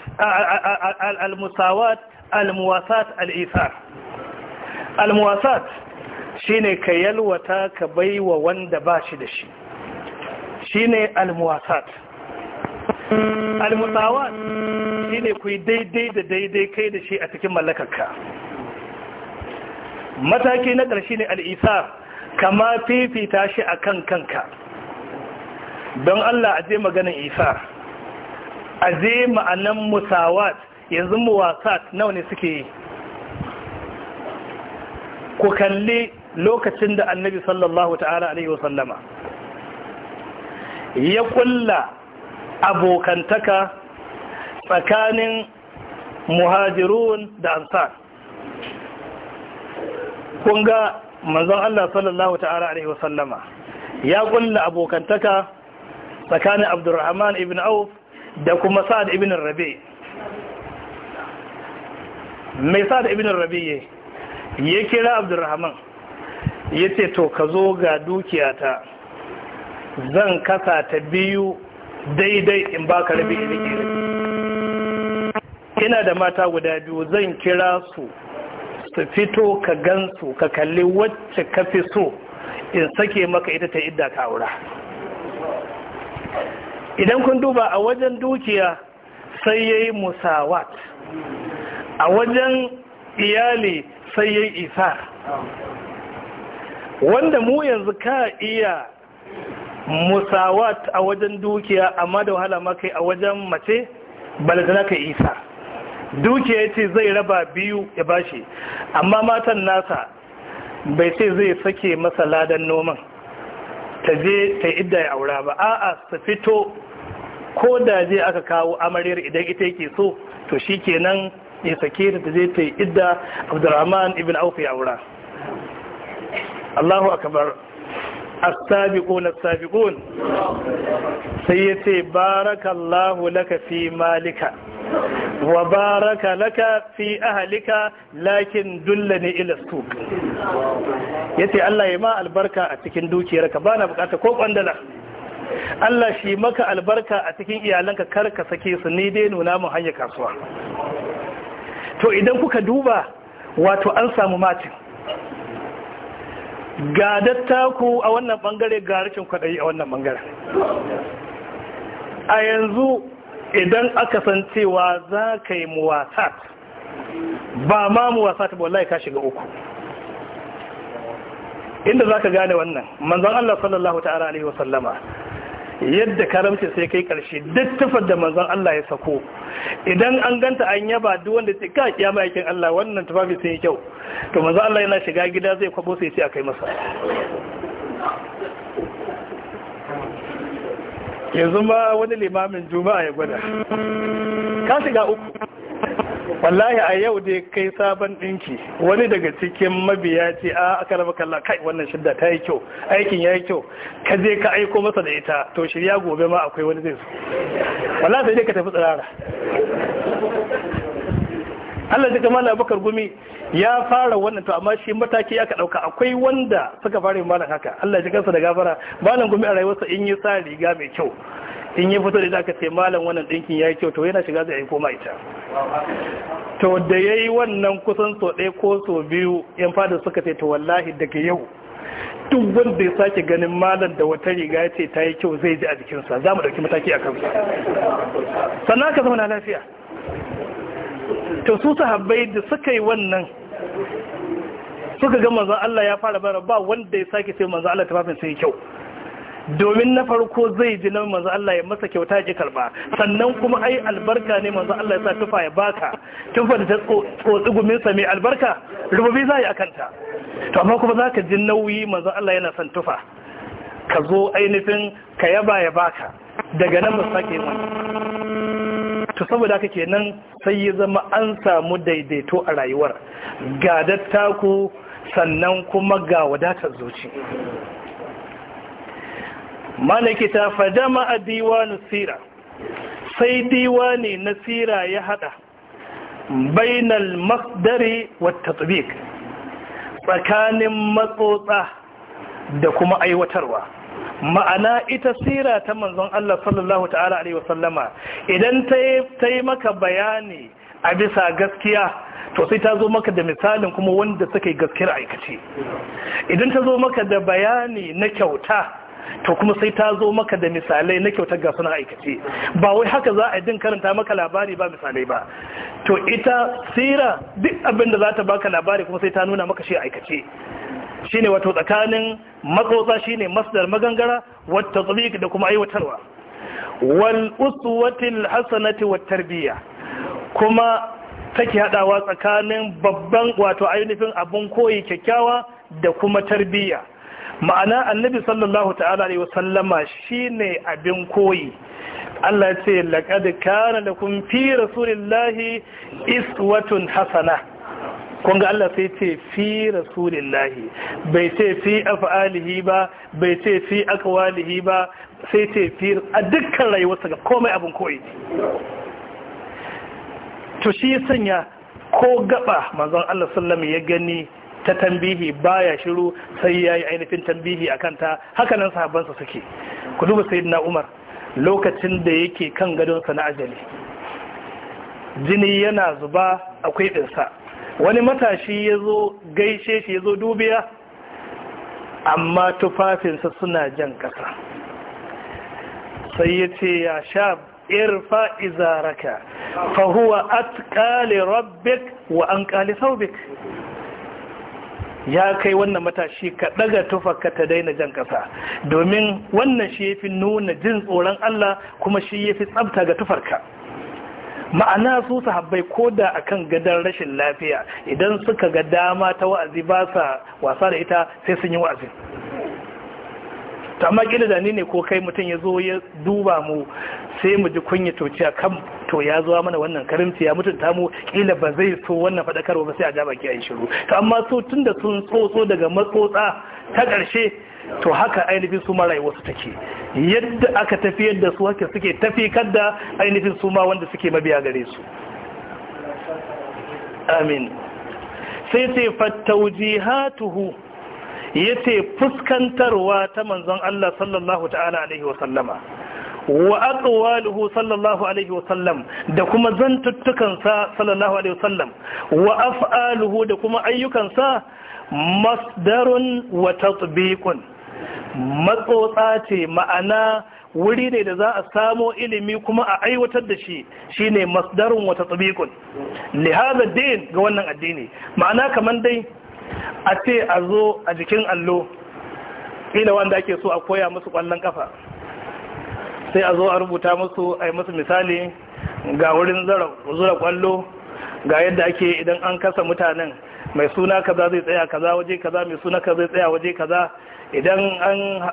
almusawat almuwasat al'isar almuwasat shine ka yalwata ka baiwa wanda ba shi da shi shine almuwasat almusawat shine ku daidai da daidai kai da shi a cikin mallakarka mataki na ƙarshe ne al'isar kama fifita shi a kan kanka don Allah a zai maganin isa a zai ma'anan musawat yanzu muwasat nawa ne suke yi ku kalli lokacin da annabi sallallahu ta'ala alaihi wasallama ya kulla abokantaka tsakanin muhajirun da ansar kun ga manzon Allah sallallahu ta'ala alaihi wasallama ya kulla abokantaka tsakanin Abdurrahman ibn Auf da kuma Sa'ad ibn Rabi mai Sa'ad ibn Rabi ya kira Abdurrahman ce to ka zo ga dukiyata zan kasa ta biyu daidai in baka rabi ina da mata guda biyu zan kira su su fito ka gansu ka kalli wacce ka fi so in sake maka ita ta idda ka aura idan kun duba a wajen dukiya sai ya yi musawat a wajen iyali sai ya yi isa wanda mu yanzu ka iya musawat a wajen dukiya amma da wahala makai a wajen mace balazana ka isa duke ya ce zai raba biyu ya bashi amma matan nasa bai ce zai sake masa ladan noman ta je ta idda ya aura ba a'a ta fito ko da je aka kawo amaryar idan ita yake so to shi kenan ya sake ta ta je ta idda abdurrahman ibn auf ya aura Allahu akabar. السابقون السابقون سيتي بارك الله لك في مالك وبارك لك في أهلك لكن دلني إلى السوق يتي الله يما البركة أتكين دوكي ركبانا بقاتا كوب عندنا Allah shi maka albarka a cikin iyalanka kar ka sake su ni dai nuna mun hanyar kasuwa to idan kuka duba wato an samu matin ga dattaku a wannan bangare ga rikin kwaɗayi a wannan bangare a yanzu idan aka san cewa za ka yi muwasat ba ma muwasat ba wallahi ka shiga uku inda za ka gane wannan manzan Allah sallallahu ta'ara alaihi yadda karamci sai kai karshe dattafar da manzon Allah ya sako idan an ganta an yaba duk wanda sai ka kiyama yakin Allah wannan tufafi sun yi kyau to manzon Allah yana shiga gida zai kwabo sai ya ce akai masa yanzu ma wani limamin juma'a ya gwada ka shiga uku wallahi a yau dai kai sabon dinki wani daga cikin mabiya ce a aka raba kalla kai wannan shidda ta yi kyau aikin ya yi kyau ka je ka aiko masa da ita to shirya gobe ma akwai wani zai su wallahi sai dai ka tafi tsirara Allah ji kamar Abubakar Gumi ya fara wannan to amma shi mataki aka dauka akwai wanda suka fara malam haka Allah ya kansa da gafara malam Gumi a rayuwarsa in yi sa riga mai kyau in yi fito da aka ce malam wannan dinkin yayi kyau to yana shiga zai koma ita to da yayi wannan kusan so ɗaya ko so biyu yan fada suka ce to wallahi daga yau duk wanda ya sake ganin malam da wata riga ya ce ta yi kyau zai ji a jikinsa za mu ɗauki mataki a kansa sannan ka zama na lafiya to su sahabbai da suka yi wannan suka ga manzon Allah ya fara bara ba wanda ya sake sai manzon Allah tafafin sai kyau domin na farko zai ji na manzo Allah ya masa kyauta ya karba sannan kuma ai albarka ne manzo Allah ya sa tufa ya baka tufa da tsotsi gumin sa mai albarka rububi zai akanta to amma kuma zaka ji nauyi manzo Allah yana san tufa ka zo ainihin ka yaba ya baka daga nan ba sake yi to saboda haka kenan sai ya zama an samu daidaito a rayuwar ga dattaku sannan kuma ga wadatar zuci malaki ta fadama a diwanu sira sai diwani na sira ya hada bainal masdari wa tatbiq tsakanin matsotsa da kuma aiwatarwa ma'ana ita sira ta manzon Allah sallallahu ta'ala alaihi wasallama idan ta yi maka bayani a bisa gaskiya to sai ta zo maka da misalin kuma wanda suka yi gaskiyar aikace idan ta zo maka da bayani na kyauta to kuma sai ta zo maka da misalai na kyautar ga suna aikace ba wai haka za a din karanta maka labari ba misalai ba to ita sira duk abin da za ta baka labari kuma sai ta nuna maka shi aikace shine wato tsakanin matsotsa shine masdar magangara wata tsalik da kuma aiwatarwa wal uswatil hasanati wat tarbiya kuma take hadawa tsakanin babban wato ainihin abun koyi kyakkyawa da kuma tarbiyya ma'ana annabi sallallahu ta'ala alaihi wasallama shine abin koyi Allah ce laqad kana lakum fi rasulillahi iswatun hasana kun ga Allah sai ce fi rasulillahi bai ce fi af'alihi ba bai ce fi akwalihi ba sai ce fi a dukkan rayuwarsa ga komai abin koyi to shi sanya ko gaba manzon Allah sallallahu ya gani ta tambihi baya shiru sai yayi ainihin tambihi akan ta hakanan nan suke ku duba sayyidina Umar lokacin da yake kan gadon sa na ajali jini yana zuba akwai ɗinsa wani matashi yazo gaishe shi yazo dubiya amma tufafinsa suna jan ƙasa. sai yace ya sha irfa izaraka fa huwa atqali rabbik wa anqali thawbik ya kai wannan matashi ka daga tufarka ta daina jan kasa domin wannan shi ya fi nuna jin tsoron Allah kuma shi ya fi tsabta ga tufarka ma'ana su sahabbai a kan gadon rashin lafiya idan suka ga dama ta wa'azi ba sa wasa da ita sai sun yi wa'azi to amma kila da ne ko kai mutum ya zo ya duba mu sai mu ji kunya to ciya kan to ya zo mana wannan karimci ya mutunta mu kila ba zai so wannan fadakarwa ba sai a jaba ki a shiru to amma so da sun tsotso daga matsotsa ta ƙarshe to haka ainihin su marayi wasu take yadda aka tafi yadda su haka suke tafi kadda ainihin su ma wanda suke mabiya gare su amin sai sai fattaujihatuhu ya ce fuskantarwa ta manzon Allah sallallahu ta'ala alaihi wasallama wa aqwaluhu sallallahu alaihi wasallam da kuma zantuttukansa sallallahu alaihi wasallam wa af'aluhu da kuma ayyukansa masdarun wa tatbiqun matsotsa ce ma'ana wuri ne da za a samo ilimi kuma a aiwatar da shi shine masdarun wa tatbiqun lihaza din ga wannan addini ma'ana kaman dai a ce a zo a jikin allo ila wanda ake so a koya musu kwallon kafa sai a zo a rubuta musu a yi musu misali ga wurin zura kwallo ga yadda ake idan an kasa mutanen mai suna kaza zai tsaya kaza waje kaza mai suna kaza zai tsaya waje kaza idan an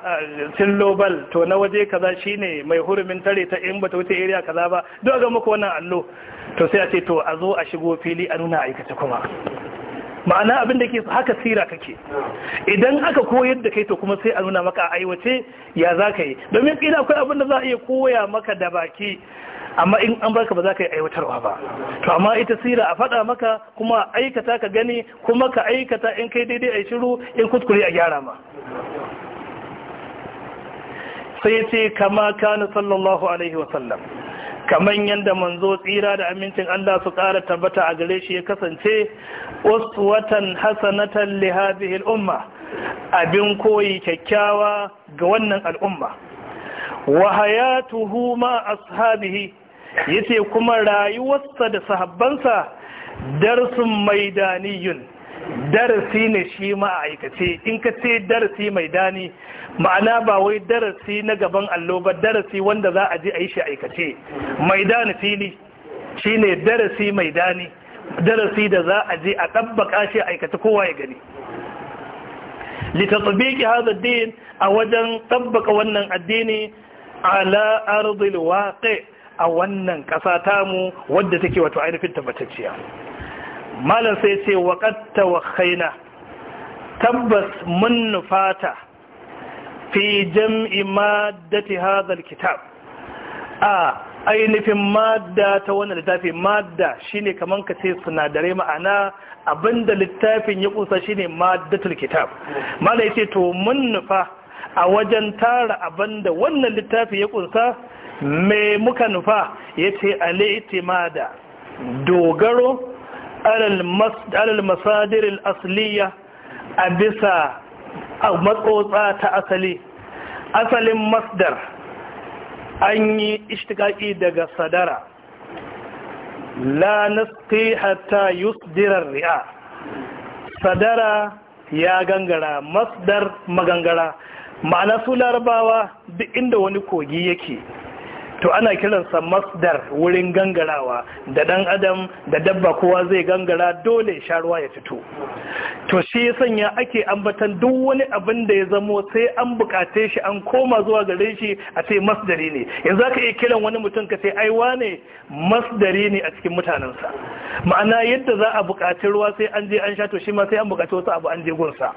cin lobal to na waje kaza shine mai hurumin tare ta in bata wuce area kaza ba duk ga muku wannan allo to sai a ce to a zo a shigo fili a nuna aikata kuma ma'ana abin da ke haka sira kake idan aka koyar da kai to kuma sai a nuna maka a aiwace ya za ka yi domin ƙila akwai abin da za a iya koya maka da baki amma in an barka ba za ka yi aiwatarwa ba to amma ita sira a faɗa maka kuma aikata ka gani kuma ka aikata in kai daidai a shiru in kuskure a gyara ma sai ce kama kana sallallahu alaihi wasallam kamar yadda manzo tsira da amincin Allah su ƙara tabbata a gare shi ya kasance wasu watan hasanatan lihazihil umma abin koyi kyakkyawa ga wannan al'umma wa hayatuhu ma ashabihi yace kuma rayuwarsa da sahabbansa darsun maidaniyun darasi ne shi ma a aikace in ka ce darasi mai dani ma'ana ba wai darasi na gaban allo ba darasi wanda za a je a yi shi aikace mai dani fili shi ne darasi mai dani darasi da za a je a ɗabbaka shi aikace kowa ya gani ki haza din a wajen ɗabbaka wannan addini ala arzil waƙe a wannan ƙasa tamu wadda take wato ainihin tabbatacciya malam sai ce waƙatta wa khaina tabbas mun nufata fi jam'i maddati hadhal kitab a ainihin madda ta wannan littafi madda shine kaman ka ce sinadarai ma'ana abinda littafin ya kusa shine maddatul kitab mala yace to mun nufa a wajen tara abinda wannan littafi ya kusa me muka nufa yace al-itimada dogaro alal masadirin asliya a bisa a matsotsa ta asali asalin masdar an yi ishtikaki daga sadara la nasqi hatta yusdira ri'a sadara ya gangara masdar magangara ma'ana su larabawa duk inda wani kogi yake to ana kiransa masdar wurin gangarawa da dan adam da dabba kowa zai gangara dole sha ruwa ya fito to shi ya sanya ake ambatan duk wani abin da ya zamo sai an bukate shi an koma zuwa gare shi a ce masdari ne yanzu aka iya kiran wani mutum ka ce ai wane masdari ne a cikin mutanensa ma'ana yadda za a bukaci ruwa sai an je an sha to shi ma sai an bukaci wasu abu an je gunsa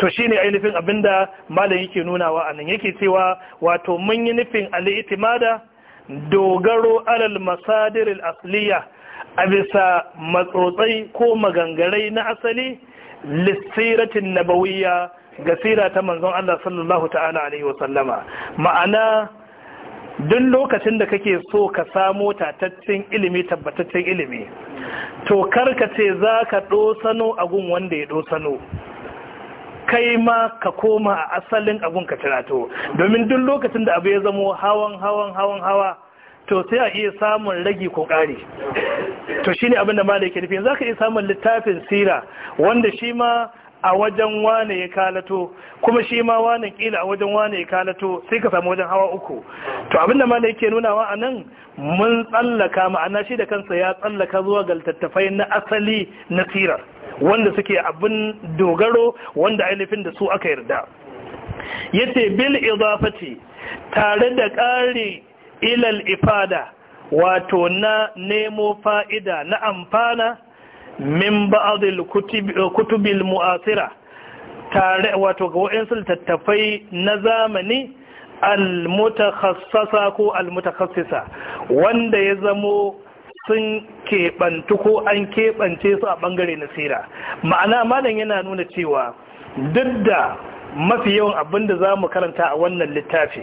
to shi shine ainihin da malam yake nunawa anan yake cewa wato mun yi nufin al-itimada dogaro alal masadir al a bisa matsotsai ko magangarai na asali lissiratin nabawiyya ga sira ta manzon Allah sallallahu ta'ala alaihi wasallama ma'ana duk lokacin da kake so ka samo tataccen ilimi tabbataccen ilimi to karka ce za ka sano a gun wanda ya sano. kai ma ka koma a asalin abun ka tirato domin duk lokacin da abu ya zamo hawan hawan hawan hawa to sai a iya samun ragi ko ƙari to shine abin da malai ke nufi za ka iya samun littafin sira wanda shi ma a wajen wane ya kalato kuma shi ma wane kila a wajen wane ya kalato sai ka samu wajen hawa uku to abinda ma da yake nunawa a nan mun tsallaka ma'ana shi da kansa ya tsallaka zuwa ga littattafai na asali na sirar wanda suke abin dogaro wanda ainihin da su aka yarda yace bil idafati tare da ƙari ilal ifada wato na nemo fa'ida na amfana min ba'adil kutubil mu'asira tare wato ga wa'insu tattafai na zamani almutakhassasa ko almutakhassisa wanda ya zamo sun keɓantu ko an keɓance su a ɓangare na sira ma'ana malam yana nuna cewa duk da mafi yawan abin da za mu karanta a wannan littafi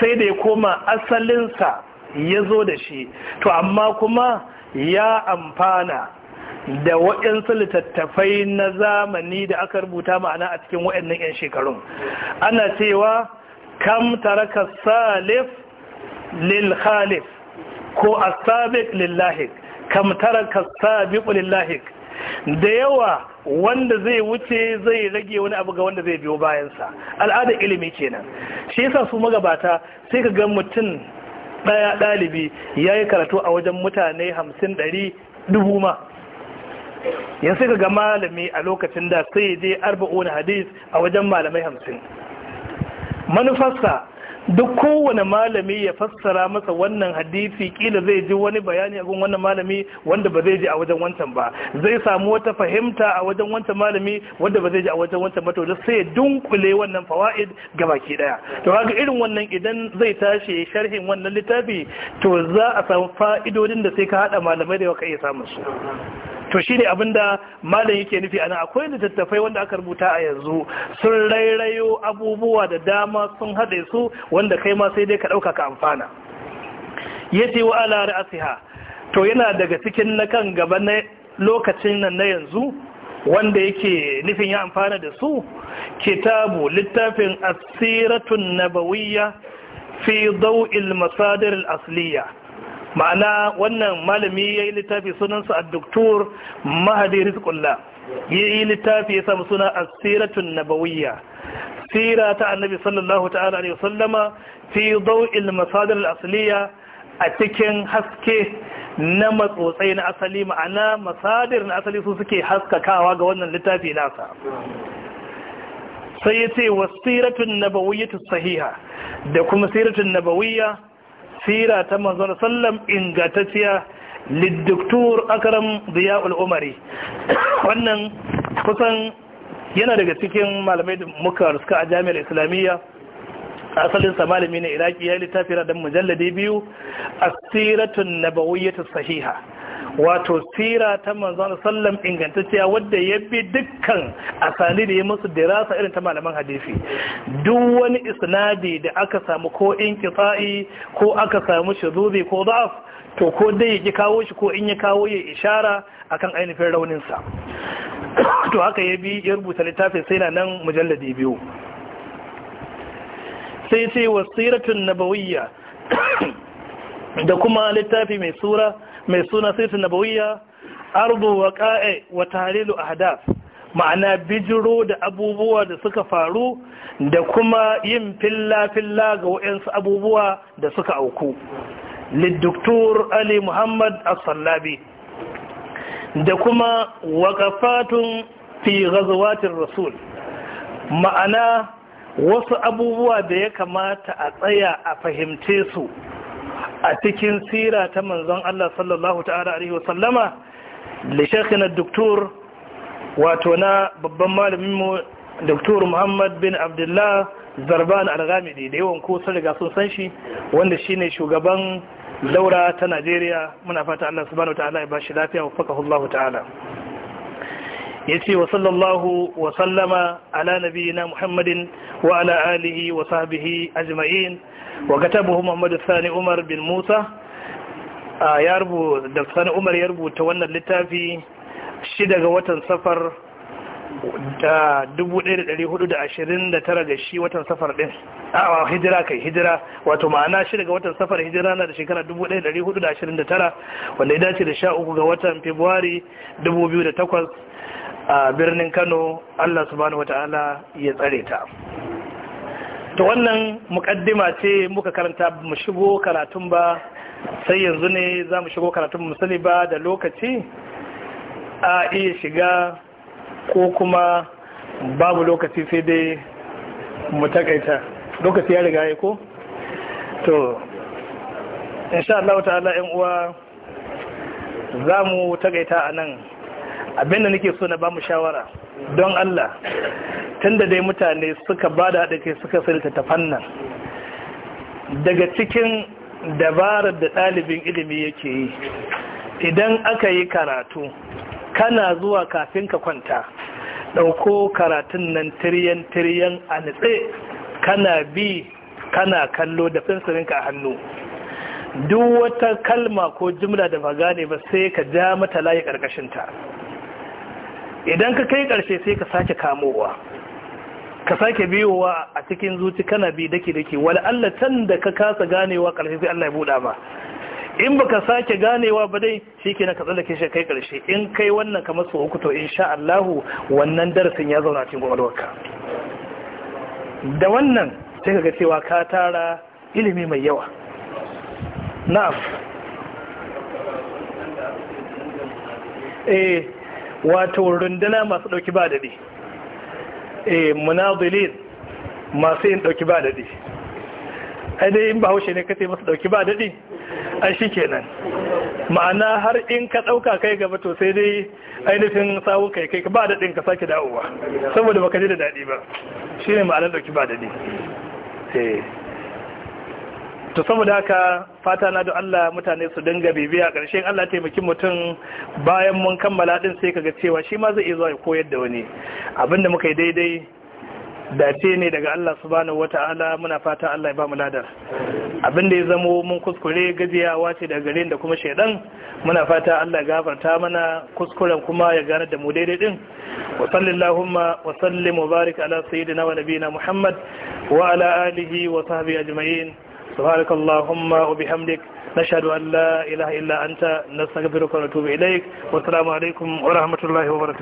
sai da ya koma asalinsa ya zo da shi to amma kuma ya amfana da waɗansu littattafai na zamani da aka rubuta ma'ana a cikin waɗannan 'yan shekarun ana cewa kam taraka salif lil khalif ko asabiq lillahi kam taraka sabiq lillahi da yawa wanda zai wuce zai rage wani abu ga wanda zai biyo bayansa al'ada ilimi kenan shi yasa su magabata sai ka ga mutum daya dalibi yayi karatu a wajen mutane hamsin ɗari dubu ma yanzu ka ga malami a lokacin da sai je arba'una hadis a wajen malamai hamsin manufarsa duk kowane malami ya fassara masa wannan hadisi kila zai ji wani bayani a gun wannan malami wanda ba zai ji a wajen wancan ba zai samu wata fahimta a wajen wancan malami wanda ba zai ji a wajen wancan ba to da sai dunkule wannan fawaid gabaki daya to haka irin wannan idan zai tashi sharhin wannan littafi to za a samu fa'idodin da sai ka hada malamai da yawa ka iya samun su to shine da malam yake nufi ana akwai littattafai wanda aka rubuta a yanzu sun rairayo abubuwa da dama sun haɗe su wanda kai ma sai dai ka ɗauka ka amfana yace wa ala ra'siha to yana daga cikin na kan gaba na lokacin nan na yanzu wanda yake nufin ya amfana da su kitabu littafin asiratun nabawiyya fi dau'il masadir al-asliya ma'ana wannan malami ya yi littafi sunansa a doktor mahadi rizkullah ya yi littafi ya samu suna a siratun nabawiyya sira ta annabi sallallahu ta'ala ne sallama, fi daw'il masadar al a cikin haske na matsotsai na asali ma'ana masadar na asali su suke haskakawa ga wannan littafi nasa sai ya ce wasiratun nabawiyyatu sahiha da kuma siratun nabawiyya sira ta manzon sallam ingantacciya liddoktor akram ziya'ul umari wannan kusan yana daga cikin malamai da muka ruska a jami'ar islamiyya asalinsa malami ne iraki ya yi littafi na dan mujallade biyu a siratun nabawiyyatu sahiha wato sira ta manzon sallam ingantacciya wadda ya bi dukkan asali da ya musu dirasa irin ta malaman hadisi duk wani isnadi da aka samu ko inqita'i ko aka samu shuzubi ko da'af to ko dai ya kawo shi ko in ya kawo ya ishara akan ainihin raunin sa to haka ya bi ya rubuta littafin sai na nan mujalladi biyu sai sai wasiratun nabawiyya da kuma littafi mai sura mai suna sirrin nabawiyya ardu wa ka'e wa tahlilu ahdath ma'ana bijiro da abubuwa da suka faru da kuma yin filla-filla ga waɗansu abubuwa da suka auku littattur ali muhammad asallabi da kuma waƙafatun fi gazawatin rasul ma'ana wasu abubuwa da ya kamata a tsaya a fahimce su a cikin sira ta manzon Allah sallallahu ta'ala alaihi sallama da shekhinar doktor wato na babban malaminmu doktor muhammad bin abdullah zarban al-ghamidi da yawan ko sun riga sun san shi wanda shine shugaban laura ta Najeriya muna fata Allah subhanahu ta'ala ya bashi lafiya wa fakahu Allah ta'ala yace wa sallallahu wa sallama ala nabiyina Muhammadin wa ala alihi wa sahbihi ajma'in wa katabahu Muhammad Sani Umar bin Musa ya rubuta da Sani Umar ya rubuta wannan littafi shi daga watan safar da 1429 ga shi watan safar din a hijira kai hijira wato ma'ana shi daga watan safar hijira na da shekara 1429 wanda ya dace da sha uku ga watan februari 2008 a birnin kano allah subhanahu Ta'ala ya tsare ta to wannan mukaddima ce muka karanta mu shigo karatun ba sai yanzu ne za mu shigo karatun mu sani ba da lokaci a iya shiga ko kuma babu lokaci sai dai mu takaita lokaci ya riga ya ko to insha Allah ta'ala yan uwa za mu takaita a nan Abin da nake so na bamu shawara don Allah tunda dai mutane suka ba da haɗa suka sarita ta fannan daga cikin dabarar da ɗalibin ilimi yake yi idan aka yi karatu kana zuwa kafin ka kwanta ɗauko karatun nan tiryan tiryan a nitse kana bi kana kallo da ka a hannu duk wata kalma ko jimla da ba gane ba sai ka ja mata layi ƙarƙashinta idan ka kai ƙarshe sai ka sake kamowa ka sake biyowa a cikin zuci kana bi daki-daki wani Allah can da ka kasa ganewa ƙarshe sai Allah ya buɗa ba in baka sake ganewa ba dai shikenan ka tsallake shi kai ƙarshe in kai wannan kamar su uku to insha Allah wannan darasin ya zauna cikin gwalwarka da wannan sai ka ga cewa ka tara ilimi mai yawa na'am eh wato runduna masu ɗauki ba daɗi e munazilin masu yin ɗauki ba daɗi ai dai in bahaushe ne kace masu ɗauki ba daɗi ai shi kenan ma'ana har in ka ɗauka kai gaba to sai dai ainihin sawun kai kai ba daɗin ka sake dawowa saboda baka ji da daɗi ba shi ne ma'anar ɗauki ba daɗi eh. to saboda haka fata na da Allah mutane su dinga bibiya ƙarshen Allah taimakin mutum bayan mun kammala din sai kaga cewa shi ma zai iya zuwa ya koyar da wani abinda muka yi daidai dace ne daga Allah subhanahu wata'ala muna fata Allah ya ba mu ladar abinda ya zamo mun kuskure gajiyawa ce daga garin da kuma shaidan muna fata Allah ya gafarta mana kuskuren kuma ya gane da mu daidai din wa sallallahu wa sallim wa barik ala sayyidina wa nabiyina Muhammad wa ala alihi wa sahbihi ajma'in سبحانك اللهم وبحمدك نشهد أن لا إله إلا أنت نستغفرك ونتوب إليك والسلام عليكم ورحمة الله وبركاته